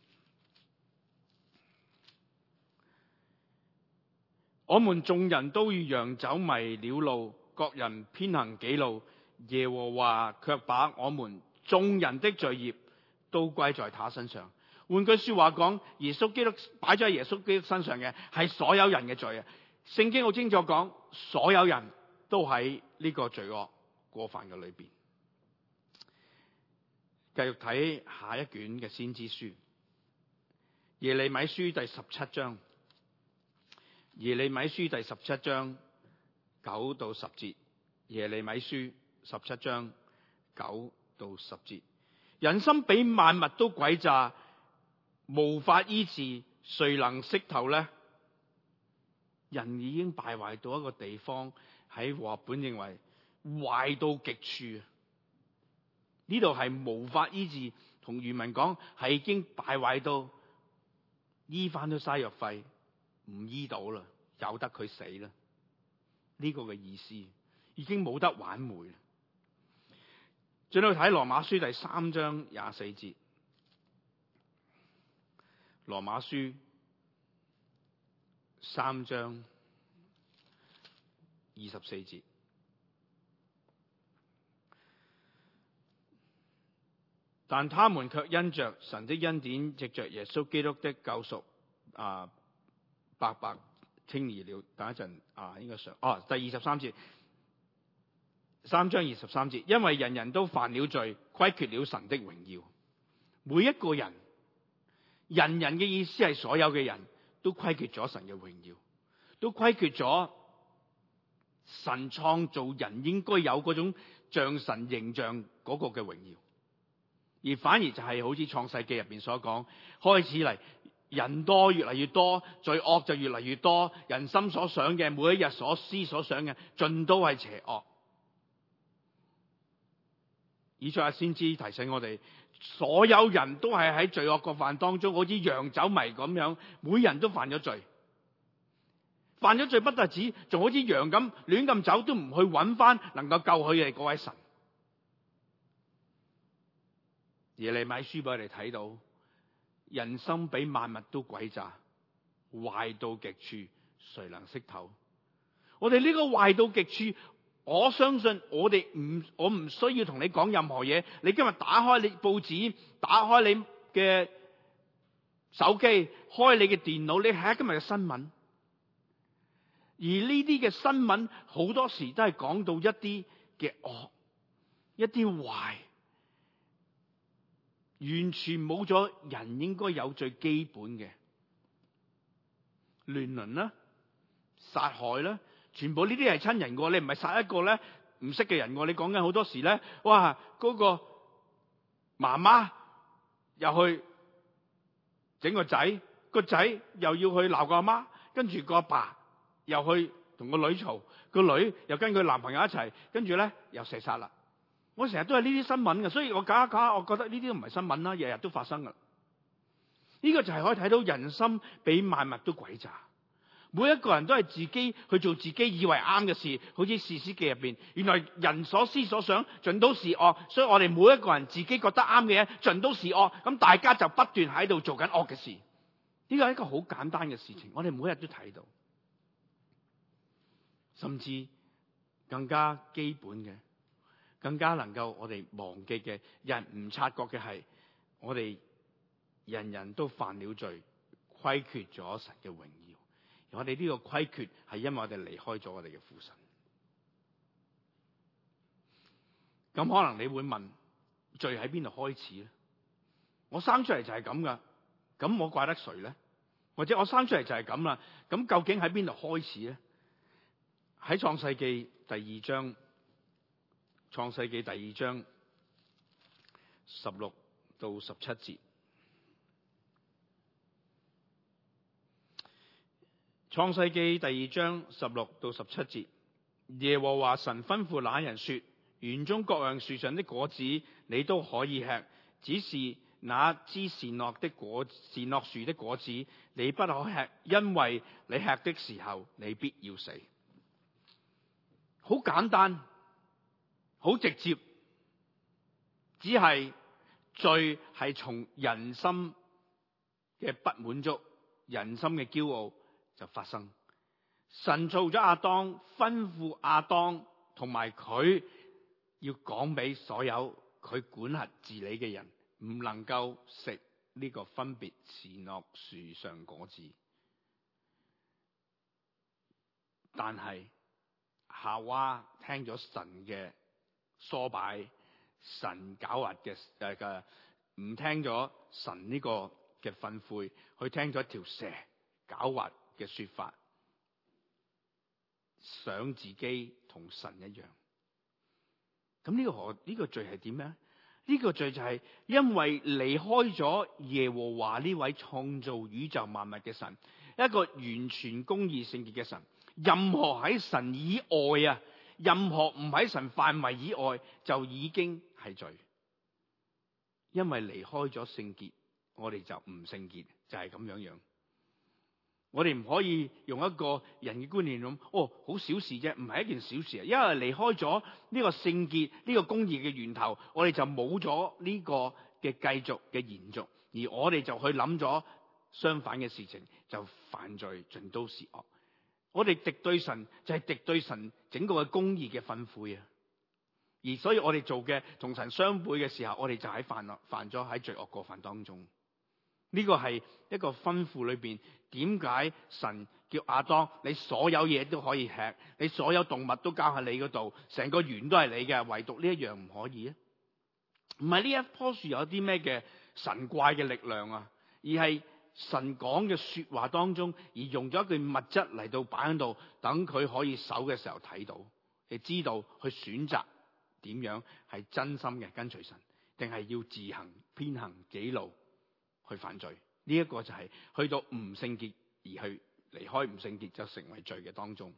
我們眾人都如羊走迷了路，各人偏行己路。耶和華卻把我們眾人的罪孽都歸在祂身上。換句説話講，耶穌基督擺在耶穌基督身上嘅係所有人嘅罪啊！聖經好清楚講，所有人都喺呢個罪惡過犯嘅裏邊。繼續睇下一卷嘅先知書，耶利米書第十七章，耶利米書第十七章九到十節，耶利米書十七章九到十節，人心比萬物都詭詐，無法醫治，誰能識透呢？人已經敗壞到一個地方，喺我本認為壞到極處。呢度係無法醫治，同愚民講係已經敗壞到醫翻咗嘥藥費，唔醫到啦，由得佢死啦。呢、這個嘅意思已經冇得挽回啦。再睇羅馬書第三章廿四節，羅馬書三章二十四節。但他們卻因着神的恩典，藉着耶穌基督的救贖，啊，白白稱義了。等一陣啊，應該上哦，第二十三節，三章二十三節，因為人人都犯了罪，虧缺了神的榮耀。每一個人，人人嘅意思係所有嘅人都虧缺咗神嘅榮耀，都虧缺咗神創造人應該有嗰種像神形象嗰個嘅榮耀。而反而就係好似創世記入邊所講，開始嚟，人多越嚟越多，罪惡就越嚟越多，人心所想嘅，每一日所思所想嘅，盡都係邪惡。以賽亞先知提醒我哋，所有人都係喺罪惡過犯當中，好似羊走迷咁樣，每人都犯咗罪，犯咗罪不但止，仲好似羊咁亂咁走，都唔去揾翻能夠救佢哋嗰位神。耶利米書俾我哋睇到，人心比萬物都詭詐，壞到極處，誰能識透。 我哋呢個壞到極處，我相信我哋唔，我唔需要同你講任何嘢。你今日打開你報紙，打開你嘅手機，開你嘅電腦，你睇下今日嘅新聞。而呢啲嘅新聞好多時都係講到一啲嘅惡，一啲壞。完全冇咗人應該有最基本嘅亂倫啦、殺、啊、害啦、啊，全部呢啲係親人嘅，你唔係殺一個咧唔識嘅人嘅，你講緊好多時咧，哇、嗰個媽媽又去整個仔，個仔又要去鬧個阿媽，跟住個阿爸，爸又去同個女嘈，個女又跟佢男朋友一齊，跟住咧又射殺啦。我成日都係呢啲新聞嘅，所以我搞一搞，我覺得呢啲都唔係新聞啦，日日都發生噶。呢、這個就係可以睇到人心比萬物都詭詐，每一個人都係自己去做自己以為啱嘅事，好似《創世記》入邊，原來人所思所想盡都是惡，所以我哋每一個人自己覺得啱嘅嘢盡都是惡，咁大家就不斷喺度做緊惡嘅事。呢個係一個好簡單嘅事情，我哋每日都睇到，甚至更加基本嘅。更加能夠我哋忘記嘅，人唔察覺嘅係，我哋人人都犯了罪，虧缺咗神嘅榮耀。而我哋呢個虧缺係因為我哋離開咗我哋嘅父神。咁可能你會問，罪喺邊度開始咧？我生出嚟，就係咁噶，咁我怪得誰咧？或者我生出嚟，就係咁啦？咁究竟喺邊度開始咧？喺創世記第二章。創世紀第二章十六到十七節。創世紀第二章十六到十七節，耶和華神吩咐那人說：園中各樣樹上的果子你都可以吃，只是那知善惡的果善惡樹的果子你不可吃，因為你吃的時候你必要死。好簡單。好直接，只係罪係從人心嘅不滿足、人心嘅驕傲就發生。神造咗亞當，吩咐亞當同埋佢要講俾所有佢管轄治理嘅人，唔能夠食呢個分別善惡樹上果子。但係夏娃聽咗神嘅。梳拜神狡猾嘅誒嘅，唔、uh，聽咗神呢個嘅訓誨，去聽咗一條蛇狡猾嘅說法，想自己同神一樣。咁呢個何呢個罪係點咧？呢個罪就係因為離開咗耶和華呢位創造宇宙萬物嘅神，一個完全公義聖潔嘅神，任何喺神以外啊。任何唔喺神範圍以外，就已經係罪，因為離開咗聖潔，我哋就唔聖潔，就係咁樣樣。我哋唔可以用一個人嘅觀念咁，哦，好小事啫，唔係一件小事啊！因為離開咗呢個聖潔，呢個公義嘅源頭，我哋就冇咗呢個嘅繼續嘅延續，而我哋就去諗咗相反嘅事情，就犯罪盡都是惡。我哋敵對神就係、是、敵對神整個嘅公義嘅吩咐啊，而所以我哋做嘅同神相悖嘅時候，我哋就喺犯惡，犯咗喺罪惡過犯當中。呢、這個係一個吩咐裏邊，點解神叫亞當你所有嘢都可以吃，你所有動物都交喺你嗰度，成個園都係你嘅，唯獨呢一樣唔可以咧？唔係呢一棵樹有啲咩嘅神怪嘅力量啊？而係。神講嘅說話當中，而用咗一句物質嚟到擺喺度，等佢可以守嘅時候睇到，嚟知道去選擇點樣係真心嘅跟隨神，定係要自行偏行己路去犯罪？呢、這、一個就係去到唔聖潔，而去離開唔聖潔就成為罪嘅當中。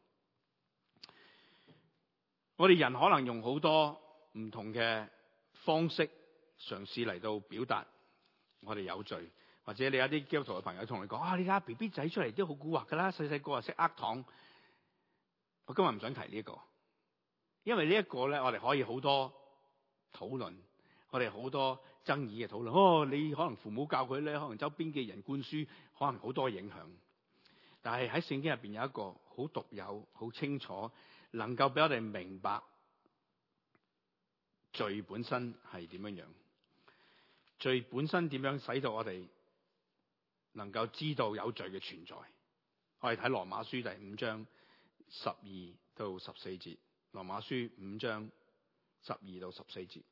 我哋人可能用好多唔同嘅方式嘗試嚟到表達我哋有罪。或者你有啲基督徒嘅朋友同你講啊，你睇 B B 仔出嚟,都好蠱惑噶啦，細細個啊識呃糖。我今日唔想提呢一個，因為呢一個咧，我哋可以好多討論，我哋好多爭議嘅討論。哦，你可能父母教佢咧，可能周邊嘅人灌輸，可能好多影響。但係喺聖經入邊有一個好獨有、好清楚，能夠俾我哋明白罪本身係點樣樣，罪本身點樣使到我哋，能夠知道有罪嘅存在，我哋睇羅馬書第五章十二到十四節，羅馬書五章十二到十四節，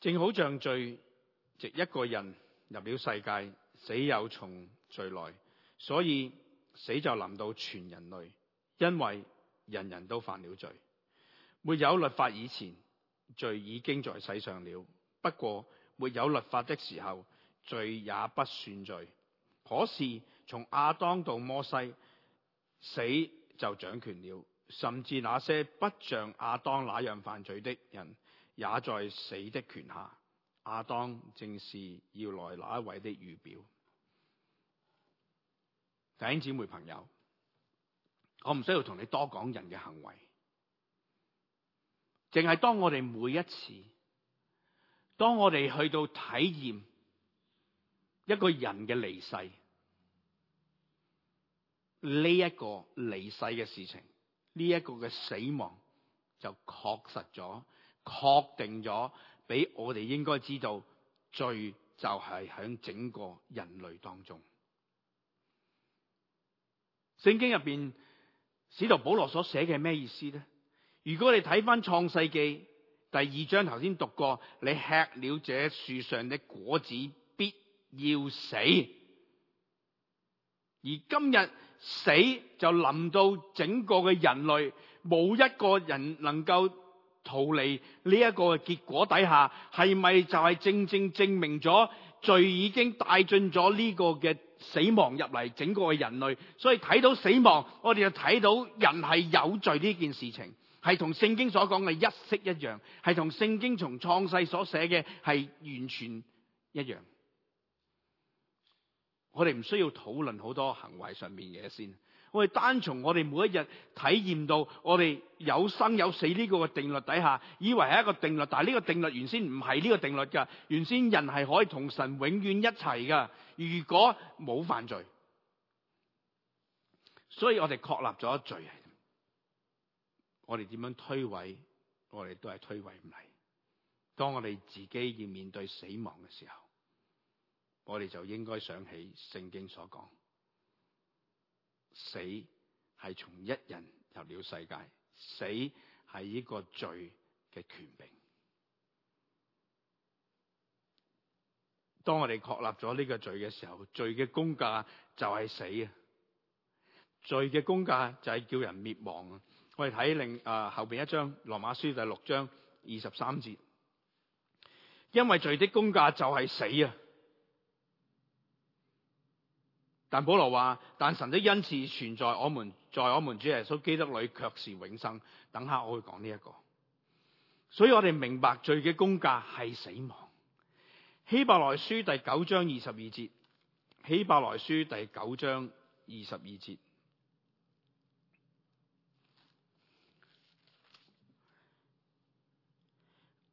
正好像罪，即一個人入了世界，死又從罪來，所以死就臨到全人類，因為人人都犯了罪。沒有律法以前，罪已經在世上了。不過沒有律法的時候。罪也不算罪，可是從亞當到摩西，死就掌權了，甚至那些不像亞當那樣犯罪的人，也在死的權下。亞當正是要來那一位的預表。弟兄姊妹朋友，我唔需要同你多講人嘅行為，淨係當我哋每一次，當我哋去到體驗。一個人嘅離世，呢、這、一個離世嘅事情，呢、這、一個嘅死亡就確實咗、確定咗，俾我哋應該知道罪就係喺整個人類當中。聖經入邊，使徒保羅所寫嘅咩意思咧？如果你睇翻創世記第二章，頭先讀過，你吃了這樹上的果子，要死，而今日死就臨到整個嘅人類，冇一個人能夠逃離呢一個嘅結果底下，係咪就係正正證明咗罪已經帶進咗呢個嘅死亡入嚟？整個嘅人類，所以睇到死亡，我哋就睇到人係有罪呢件事情，係同聖經所講嘅一式一樣，係同聖經從創世所寫嘅係完全一樣。我哋唔需要討論好多行為上面嘢先，我哋單從我哋每一日體驗到我哋有生有死呢個嘅定律底下，以為係一個定律，但係呢個定律原先唔係呢個定律噶，原先人係可以同神永遠一齊噶，如果冇犯罪。所以我哋確立咗一罪，我哋點樣推諉，我哋都係推諉唔嚟，當我哋自己要面對死亡嘅時候。我哋就應該想起聖經所講，死係從一人入了世界，死係呢個罪嘅權柄。當我哋確立咗呢個罪嘅時候，罪嘅工價就係死啊！罪嘅工價就係叫人滅亡啊！我哋睇，另啊、呃、後邊一章羅馬書第六章二十三節，因為罪的工價就係死啊！但保羅話：但神的恩賜存在，我們在我們主耶穌基督裏卻是永生。等下我會講呢一個。所以我哋明白罪嘅工價係死亡。希伯來書第九章二十二節，希伯來書第九章二十二節，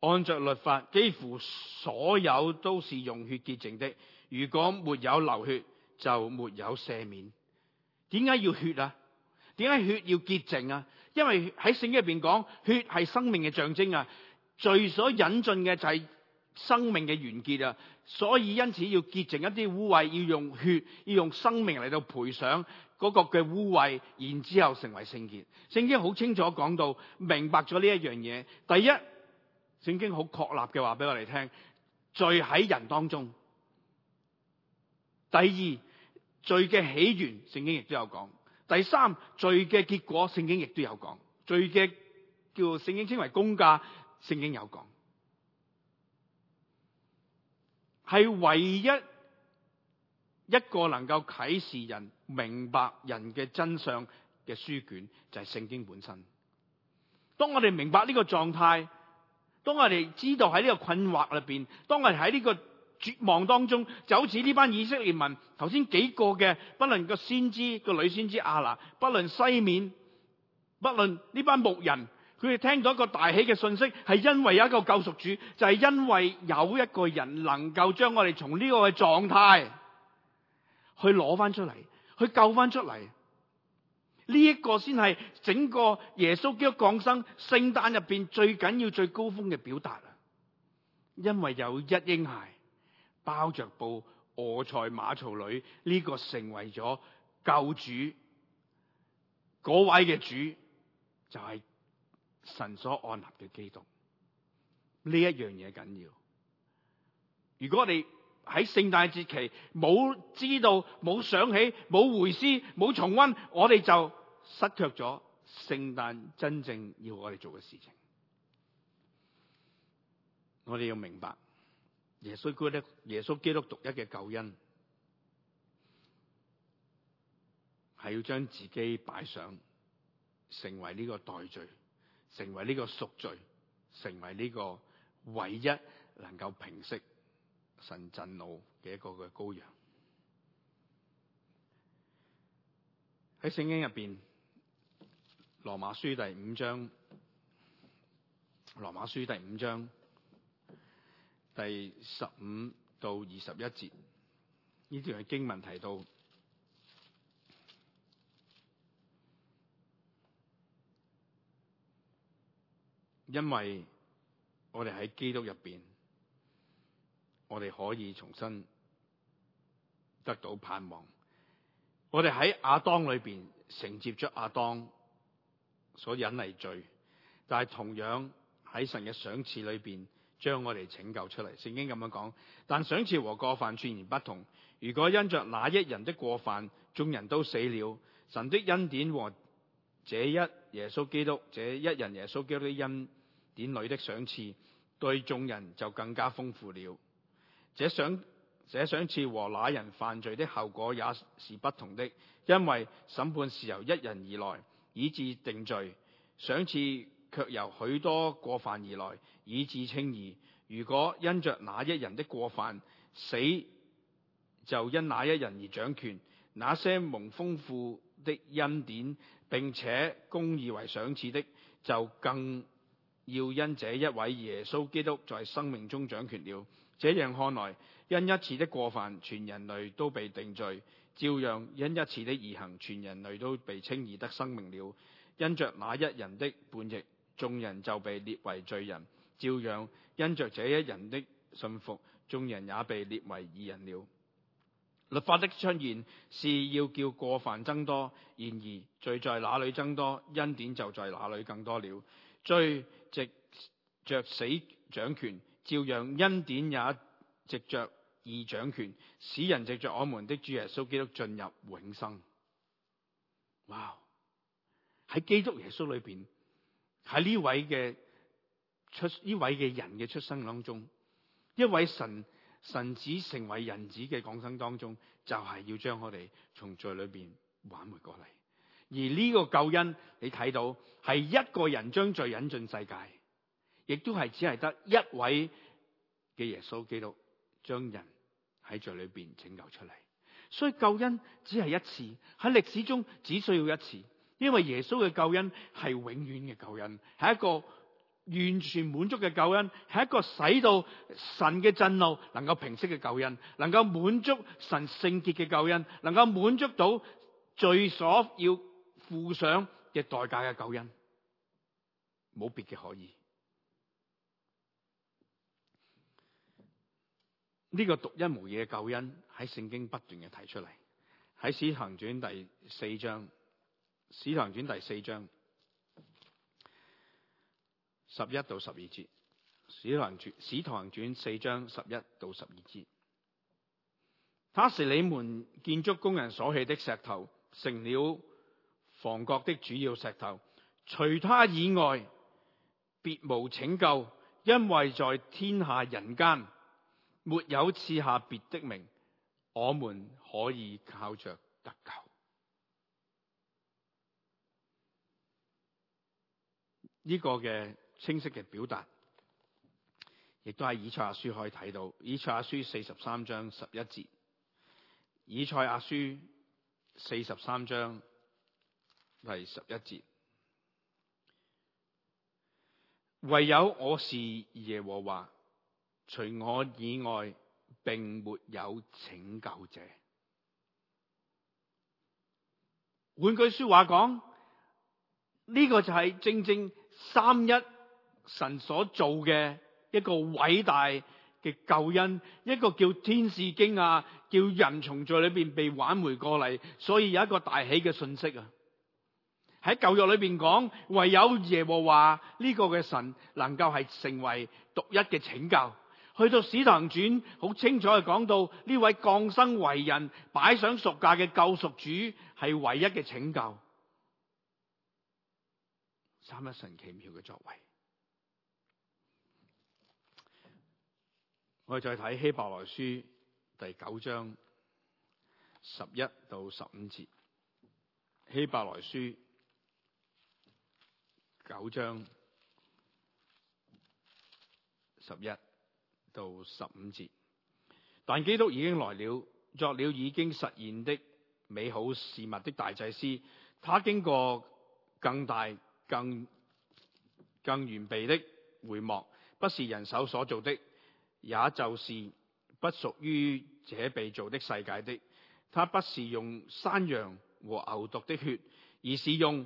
按着律法幾乎所有都是用血潔淨的，如果沒有流血，就沒有赦免。點解要血啊？點解血要潔淨啊？因為喺聖經入邊講，血係生命嘅象徵啊。罪所引進嘅就係生命嘅完結啊。所以因此要潔淨一啲污穢，要用血，要用生命嚟到賠償嗰個嘅污穢，然之後成為聖潔。聖經好清楚講到，明白咗呢一樣嘢。第一，聖經好確立嘅話俾我哋聽，罪喺人當中。第二。罪嘅起源，聖經亦都有講；第三，罪嘅結果，聖經亦都有講。罪嘅叫聖經稱為公價，聖經有講，係唯一一個能夠啟示人明白人嘅真相嘅書卷，就係聖經本身。當我哋明白呢個狀態，當我哋知道喺呢個困惑裏邊，當我哋喺呢個。絕望當中，就好似呢班以色列民，頭先幾個嘅，不論個先知個女先知亞拿，不論西面，不論呢班牧人，佢哋聽到一個大喜嘅信息，係因為有一個救贖主，就係、是、因為有一個人能夠將我哋從呢個狀態去攞翻出嚟，去救翻出嚟，呢、這、一個先係整個耶穌基督降生聖誕入邊最緊要最高峰嘅表達啊！因為有一嬰孩。包着布臥在馬槽裏，呢、這個成為咗救主嗰位嘅主，就係、是、神所按立嘅基督。呢一樣嘢緊要。如果我哋喺聖誕節期冇知道、冇想起、冇回思、冇重溫，我哋就失卻咗聖誕真正要我哋做嘅事情。我哋要明白。耶穌基督，耶穌基督獨一嘅救恩係要將自己擺上，成為呢個代罪，成為呢個贖罪，成為呢個唯一能夠平息神震怒嘅一個嘅羔羊。喺聖經入邊，《羅馬書》第五章，《羅馬書》第五章。第十五到二十一節，呢段嘅經文提到，因為我哋喺基督入邊，我哋可以重新得到盼望。我哋喺亞當裏邊承接咗亞當所引嚟罪，但係同樣喺神嘅賞賜裏邊。將我哋拯救出嚟。聖經咁樣講，但賞賜和過犯全然不同。如果因着那一人的過犯，眾人都死了，神的恩典和這一耶穌基督這一人耶穌基督的恩典裏的賞賜對眾人就更加豐富了。這賞這賞賜和那人犯罪的後果也是不同的，因為審判是由一人而來，以致定罪；賞賜卻由許多過犯而來。以至稱義。如果因着那一人的過犯，死就因那一人而掌權；那些蒙豐富的恩典並且公義為賞賜的，就更要因這一位耶穌基督在生命中掌權了。這樣看來，因一次的過犯，全人類都被定罪；照樣因一次的義行，全人類都被稱義得生命了。因着那一人的叛逆，眾人就被列為罪人。照樣因着這一人的信服，眾人也被列為義人了。律法的出現是要叫過犯增多，然而罪在哪裏增多，恩典就在哪裏更多了。罪藉着死掌權，照樣恩典也藉着義掌權，使人藉着我們的主耶穌基督進入永生。哇！喺基督耶穌裏邊，喺呢位嘅出呢位嘅人嘅出生當中，一位神神子成為人子嘅降生當中，就係要將我哋從罪裏邊挽回過嚟。而呢個救恩，你睇到係一個人將罪引進世界，亦都係只係得一位嘅耶穌基督將人喺罪裏邊拯救出嚟。所以救恩只係一次，喺歷史中只需要一次，因為耶穌嘅救恩係永遠嘅救恩，係一個。完全滿足嘅救恩，係一個使到神嘅震怒能夠平息嘅救恩，能夠滿足神聖潔嘅救恩，能夠滿足到罪所要付上嘅代價嘅救恩，冇別嘅可以。呢、這個獨一無二嘅救恩喺聖經不斷嘅提出嚟，喺使徒行傳第四章，使徒行傳第四章。十一到十二節，《使徒行傳》使徒行傳四章十一到十二節，他是你們建築工人所起的石頭，成了房角的主要石頭。除他以外，別無拯救，因為在天下人間，沒有賜下別的名，我們可以靠着得救。呢、這個嘅。清晰嘅表達，亦都係以賽亞書可以睇到。以賽亞書四十三章十一節，以賽亞書四十三章第十一節，唯有我是耶和華，除我以外，並沒有拯救者。換句說話講，呢個就係正正三一。神所做嘅一個偉大嘅救恩，一個叫天使驚啊，叫人從罪裏邊被挽回過嚟，所以有一個大喜嘅信息啊！喺舊約裏邊講，唯有耶和華呢個嘅神能夠係成為獨一嘅拯救。去到使徒行傳好清楚係講到呢位降生為人、擺上贖價嘅救贖主係唯一嘅拯救。三一神奇妙嘅作為。我再睇希伯來書第九章十一到十五節，希伯來書九章十一到十五節。但基督已經來了，作了已經實現的美好事物的大祭司，他經過更大、更更完備的會幕，不是人手所做的。也就是不屬於這被造的世界的，他不是用山羊和牛犢的血，而是用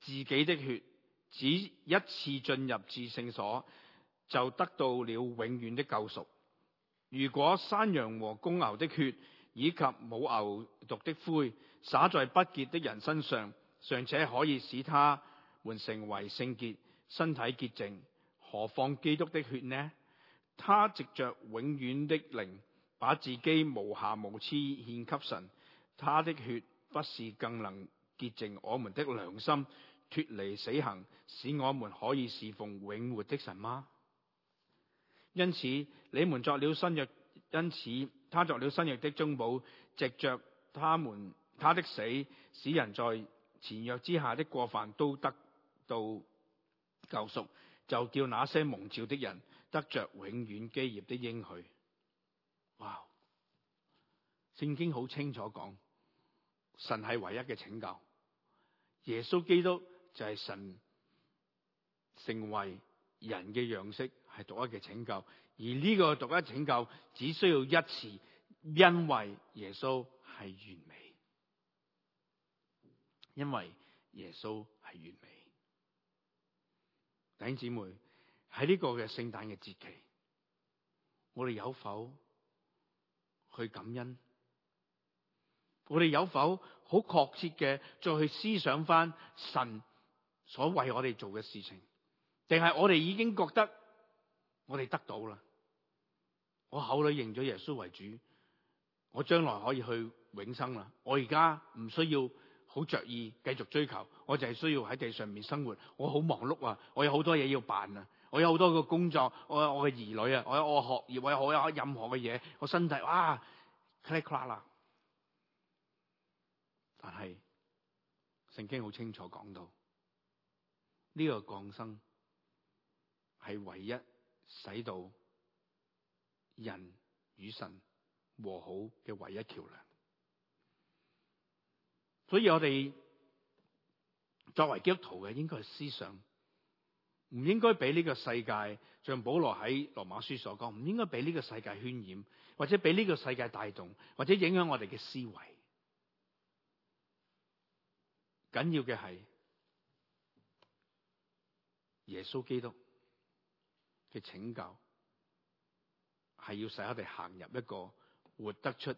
自己的血，只一次進入至聖所，就得到了永遠的救贖。如果山羊和公牛的血以及母牛犢的灰灑在不潔的人身上，尚且可以使他們成為聖潔、身體潔淨，何況基督的血呢？他藉着永遠的靈，把自己無瑕無疵獻給神，他的血不是更能潔淨我們的良心，脫離死行，使我們可以侍奉永活的神嗎？因此，你們作了新約；因此，他作了新約的中保，藉著他們，他的死使人在前約之下的過犯都得到救贖，就叫那些蒙召的人。得着永遠基業的應許，哇、wow！聖經好清楚講，神係唯一嘅拯救。耶穌基督就係神成為人嘅樣式，係獨一嘅拯救。而呢個獨一拯救只需要一次，因為耶穌係完美，因為耶穌係完美，弟兄姊妹。喺呢個嘅聖誕嘅節期，我哋有否去感恩？我哋有否好確切嘅再去思想翻神所為我哋做嘅事情？定係我哋已經覺得我哋得到啦？我口裏認咗耶穌為主，我將來可以去永生啦。我而家唔需要。好着意繼續追求，我就係需要喺地上面生活。我好忙碌啊，我有好多嘢要辦啊，我有好多嘅工作，我有我嘅兒女啊，我有我學業啊，我有任何嘅嘢，我身體淡淡淡啊 critical 啦。但係聖經好清楚講到，呢個降生係唯一使到人與神和好嘅唯一橋樑。所以我哋作為基督徒嘅，應該係思想唔應該俾呢個世界，像保羅喺羅馬書所講，唔應該俾呢個世界渲染，或者俾呢個世界帶動，或者影響我哋嘅思維。緊要嘅係耶穌基督嘅拯救，係要使我哋行入一個活得出，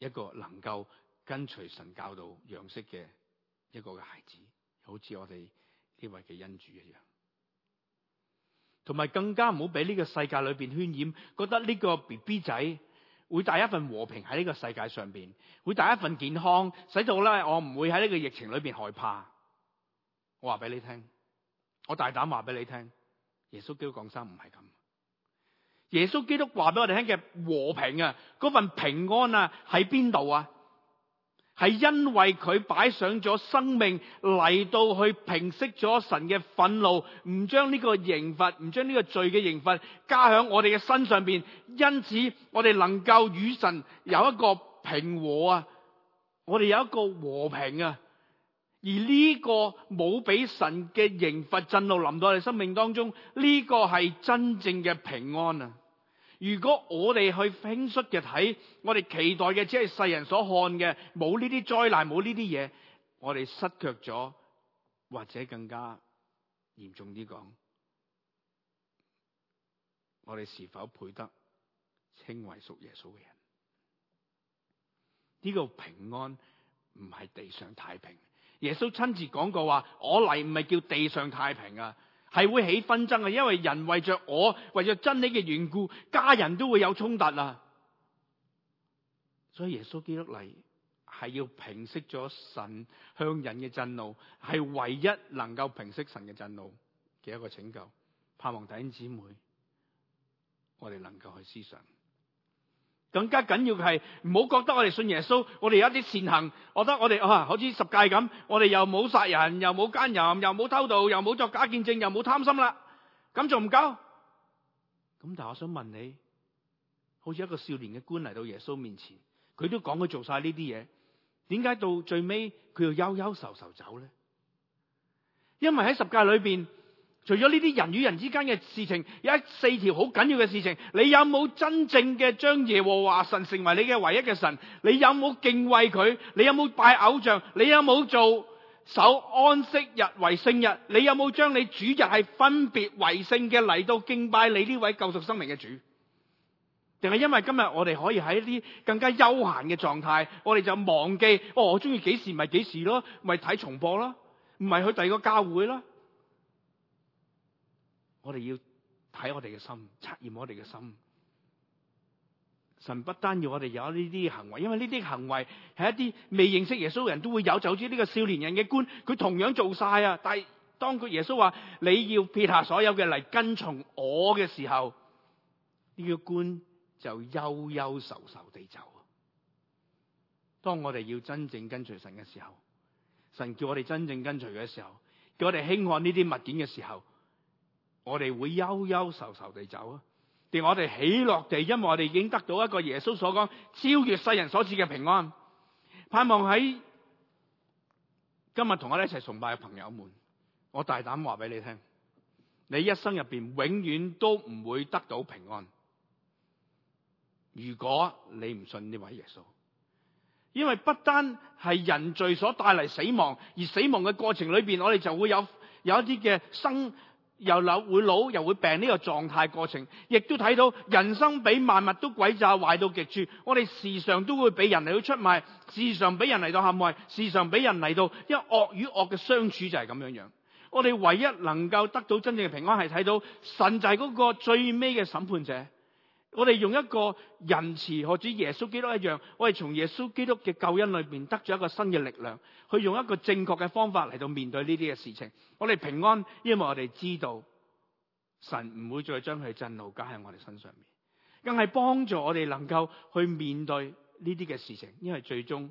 一個能夠。跟隨神教導、樣式嘅一個嘅孩子，好似我哋呢位嘅恩主一樣，同埋更加唔好俾呢個世界裏邊渲染，覺得呢個 B B 仔會帶一份和平喺呢個世界上邊，會帶一份健康，使到咧我唔會喺呢個疫情裏邊害怕。我話俾你聽，我大膽話俾你聽，耶穌基督降生唔係咁。耶穌基督話俾我哋聽嘅和平啊，嗰份平安啊喺邊度啊？係因為佢擺上咗生命嚟到去平息咗神嘅憤怒，唔將呢個刑罰，唔將呢個罪嘅刑罰加響我哋嘅身上邊，因此我哋能夠與神有一個平和啊，我哋有一個和平啊，而呢個冇俾神嘅刑罰震怒臨到我哋生命當中，呢個係真正嘅平安啊！如果我哋去輕率嘅睇，我哋期待嘅只係世人所看嘅，冇呢啲災難，冇呢啲嘢，我哋失卻咗，或者更加嚴重啲講，我哋是否配得稱為屬耶穌嘅人？呢、這個平安唔係地上太平。耶穌親自講過話：我嚟唔係叫地上太平啊。係會起紛爭，啊，因為人為着我為着真理嘅緣故，家人都會有衝突啊。所以耶穌基督嚟係要平息咗神向人嘅震怒，係唯一能夠平息神嘅震怒嘅一個拯救。盼望弟兄姊妹，我哋能夠去思想。更加緊要嘅係唔好覺得我哋信耶穌，我哋有一啲善行，我覺得我哋吓、啊、好似十誡咁，我哋又冇殺人，又冇奸淫，又冇偷盜，又冇作假見證，又冇貪心啦，咁就唔夠。咁但係我想問你，好似一個少年嘅官嚟到耶穌面前，佢都講佢做晒呢啲嘢，點解到最尾佢又憂憂愁愁走呢？因為喺十誡裏邊。除咗呢啲人與人之間嘅事情，有四條好緊要嘅事情，你有冇真正嘅將耶和華神成為你嘅唯一嘅神？你有冇敬畏佢？你有冇拜偶像？你有冇做守安息日為聖日？你有冇將你主日係分別為聖嘅嚟到敬拜你呢位救贖生命嘅主？定係因為今日我哋可以喺一啲更加悠閒嘅狀態，我哋就忘記哦，我中意幾時咪幾時咯，咪睇重播咯，唔係去第二個教會咯。我哋要睇我哋嘅心，測驗我哋嘅心。神不單要我哋有呢啲行為，因為呢啲行為係一啲未認識耶穌嘅人都會有。就好似呢個少年人嘅官，佢同樣做晒啊！但係當佢耶穌話你要撇下所有嘅嚟跟從我嘅時候，呢個官就憂憂愁愁地走。當我哋要真正跟隨神嘅時候，神叫我哋真正跟隨嘅時候，叫我哋輕看呢啲物件嘅時候。我哋會憂憂愁愁地走啊，定我哋喜落地，因為我哋已經得到一個耶穌所講超越世人所賜嘅平安。盼望喺今日同我哋一齊崇拜嘅朋友們，我大膽話俾你聽，你一生入邊永遠都唔會得到平安，如果你唔信呢位耶穌，因為不單係人罪所帶嚟死亡，而死亡嘅過程裏邊，我哋就會有有一啲嘅生，又老會老，又會病呢，這個狀態過程，亦都睇到人生比萬物都鬼詐壞到極處。我哋時常都會俾人嚟到出賣，時常俾人嚟到陷害，時常俾人嚟到，因為惡與惡嘅相處就係咁樣樣。我哋唯一能夠得到真正嘅平安是看，係睇到神就係嗰個最尾嘅審判者。我哋用一個仁慈學主耶穌基督一樣，我哋從耶穌基督嘅救恩裏邊得咗一個新嘅力量，去用一個正確嘅方法嚟到面對呢啲嘅事情。我哋平安，因為我哋知道神唔會再將佢震怒加喺我哋身上面，更係幫助我哋能夠去面對呢啲嘅事情。因為最終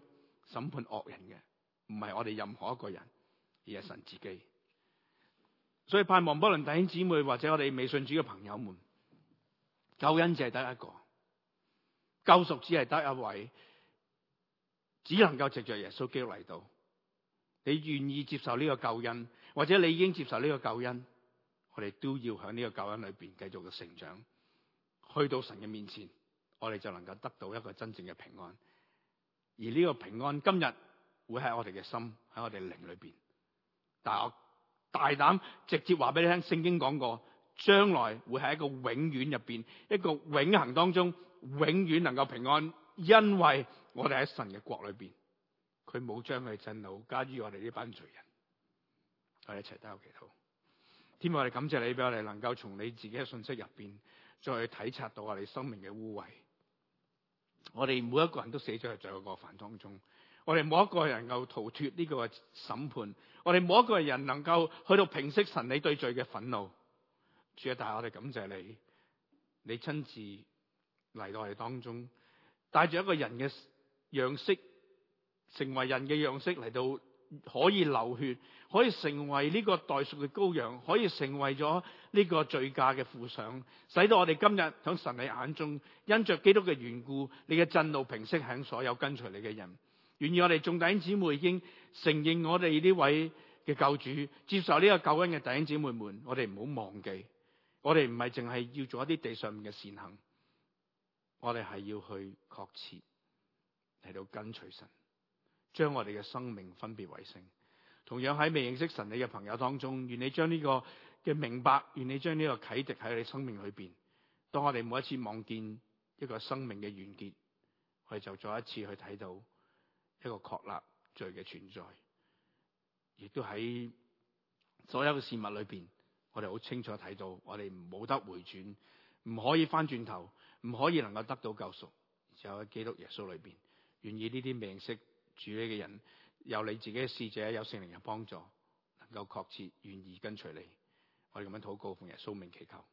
審判惡人嘅唔係我哋任何一個人，而係神自己。所以盼望不論弟兄姊妹或者我哋未信主嘅朋友們。救恩只係得一個，救贖只係得一位，只能夠藉着耶穌基督嚟到。你願意接受呢個救恩，或者你已經接受呢個救恩，我哋都要喺呢個救恩裏邊繼續嘅成長，去到神嘅面前，我哋就能夠得到一個真正嘅平安。而呢個平安今日會喺我哋嘅心，喺我哋靈裏邊。但係我大膽直接話俾你聽，聖經講過。將來會喺一個永遠入邊，一個永恆當中，永遠能夠平安，因為我哋喺神嘅國裏邊，佢冇將佢震怒加於我哋呢班罪人。我哋一齊打個祈禱。天父，我哋感謝你，俾我哋能夠從你自己嘅信息入邊，再去體察到我哋生命嘅污穢。我哋每一個人都死咗喺罪嘅過犯當中，我哋冇一個人能夠逃脫呢個審判，我哋冇一個人能夠去到平息神你對罪嘅憤怒。主啊！但係我哋感謝你，你親自嚟到我哋當中，帶住一個人嘅樣式，成為人嘅樣式嚟到可以流血，可以成為呢個代贖嘅羔羊，可以成為咗呢個罪價嘅付上，使到我哋今日響神嘅眼中，因着基督嘅緣故，你嘅震怒平息響所有跟隨你嘅人。願意我哋眾弟兄姊妹已經承認我哋呢位嘅救主，接受呢個救恩嘅弟兄姊妹們，我哋唔好忘記。我哋唔係淨係要做一啲地上面嘅善行，我哋係要去確切嚟到跟隨神，將我哋嘅生命分別為聖。同樣喺未認識神你嘅朋友當中，願你將呢個嘅明白，願你將呢個啟迪喺你生命裏邊。當我哋每一次望見一個生命嘅完結，我哋就再一次去睇到一個確立罪嘅存在，亦都喺所有嘅事物裏邊。我哋好清楚睇到，我哋冇得回轉，唔可以翻轉頭，唔可以能夠得到救贖，就喺基督耶穌裏邊，願意呢啲命息主呢嘅人，有你自己嘅使者，有聖靈嘅幫助，能夠確切願意跟隨你，我哋咁樣禱告奉耶穌名祈求，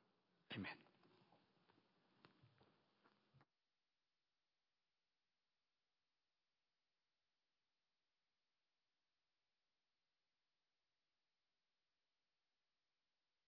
阿門。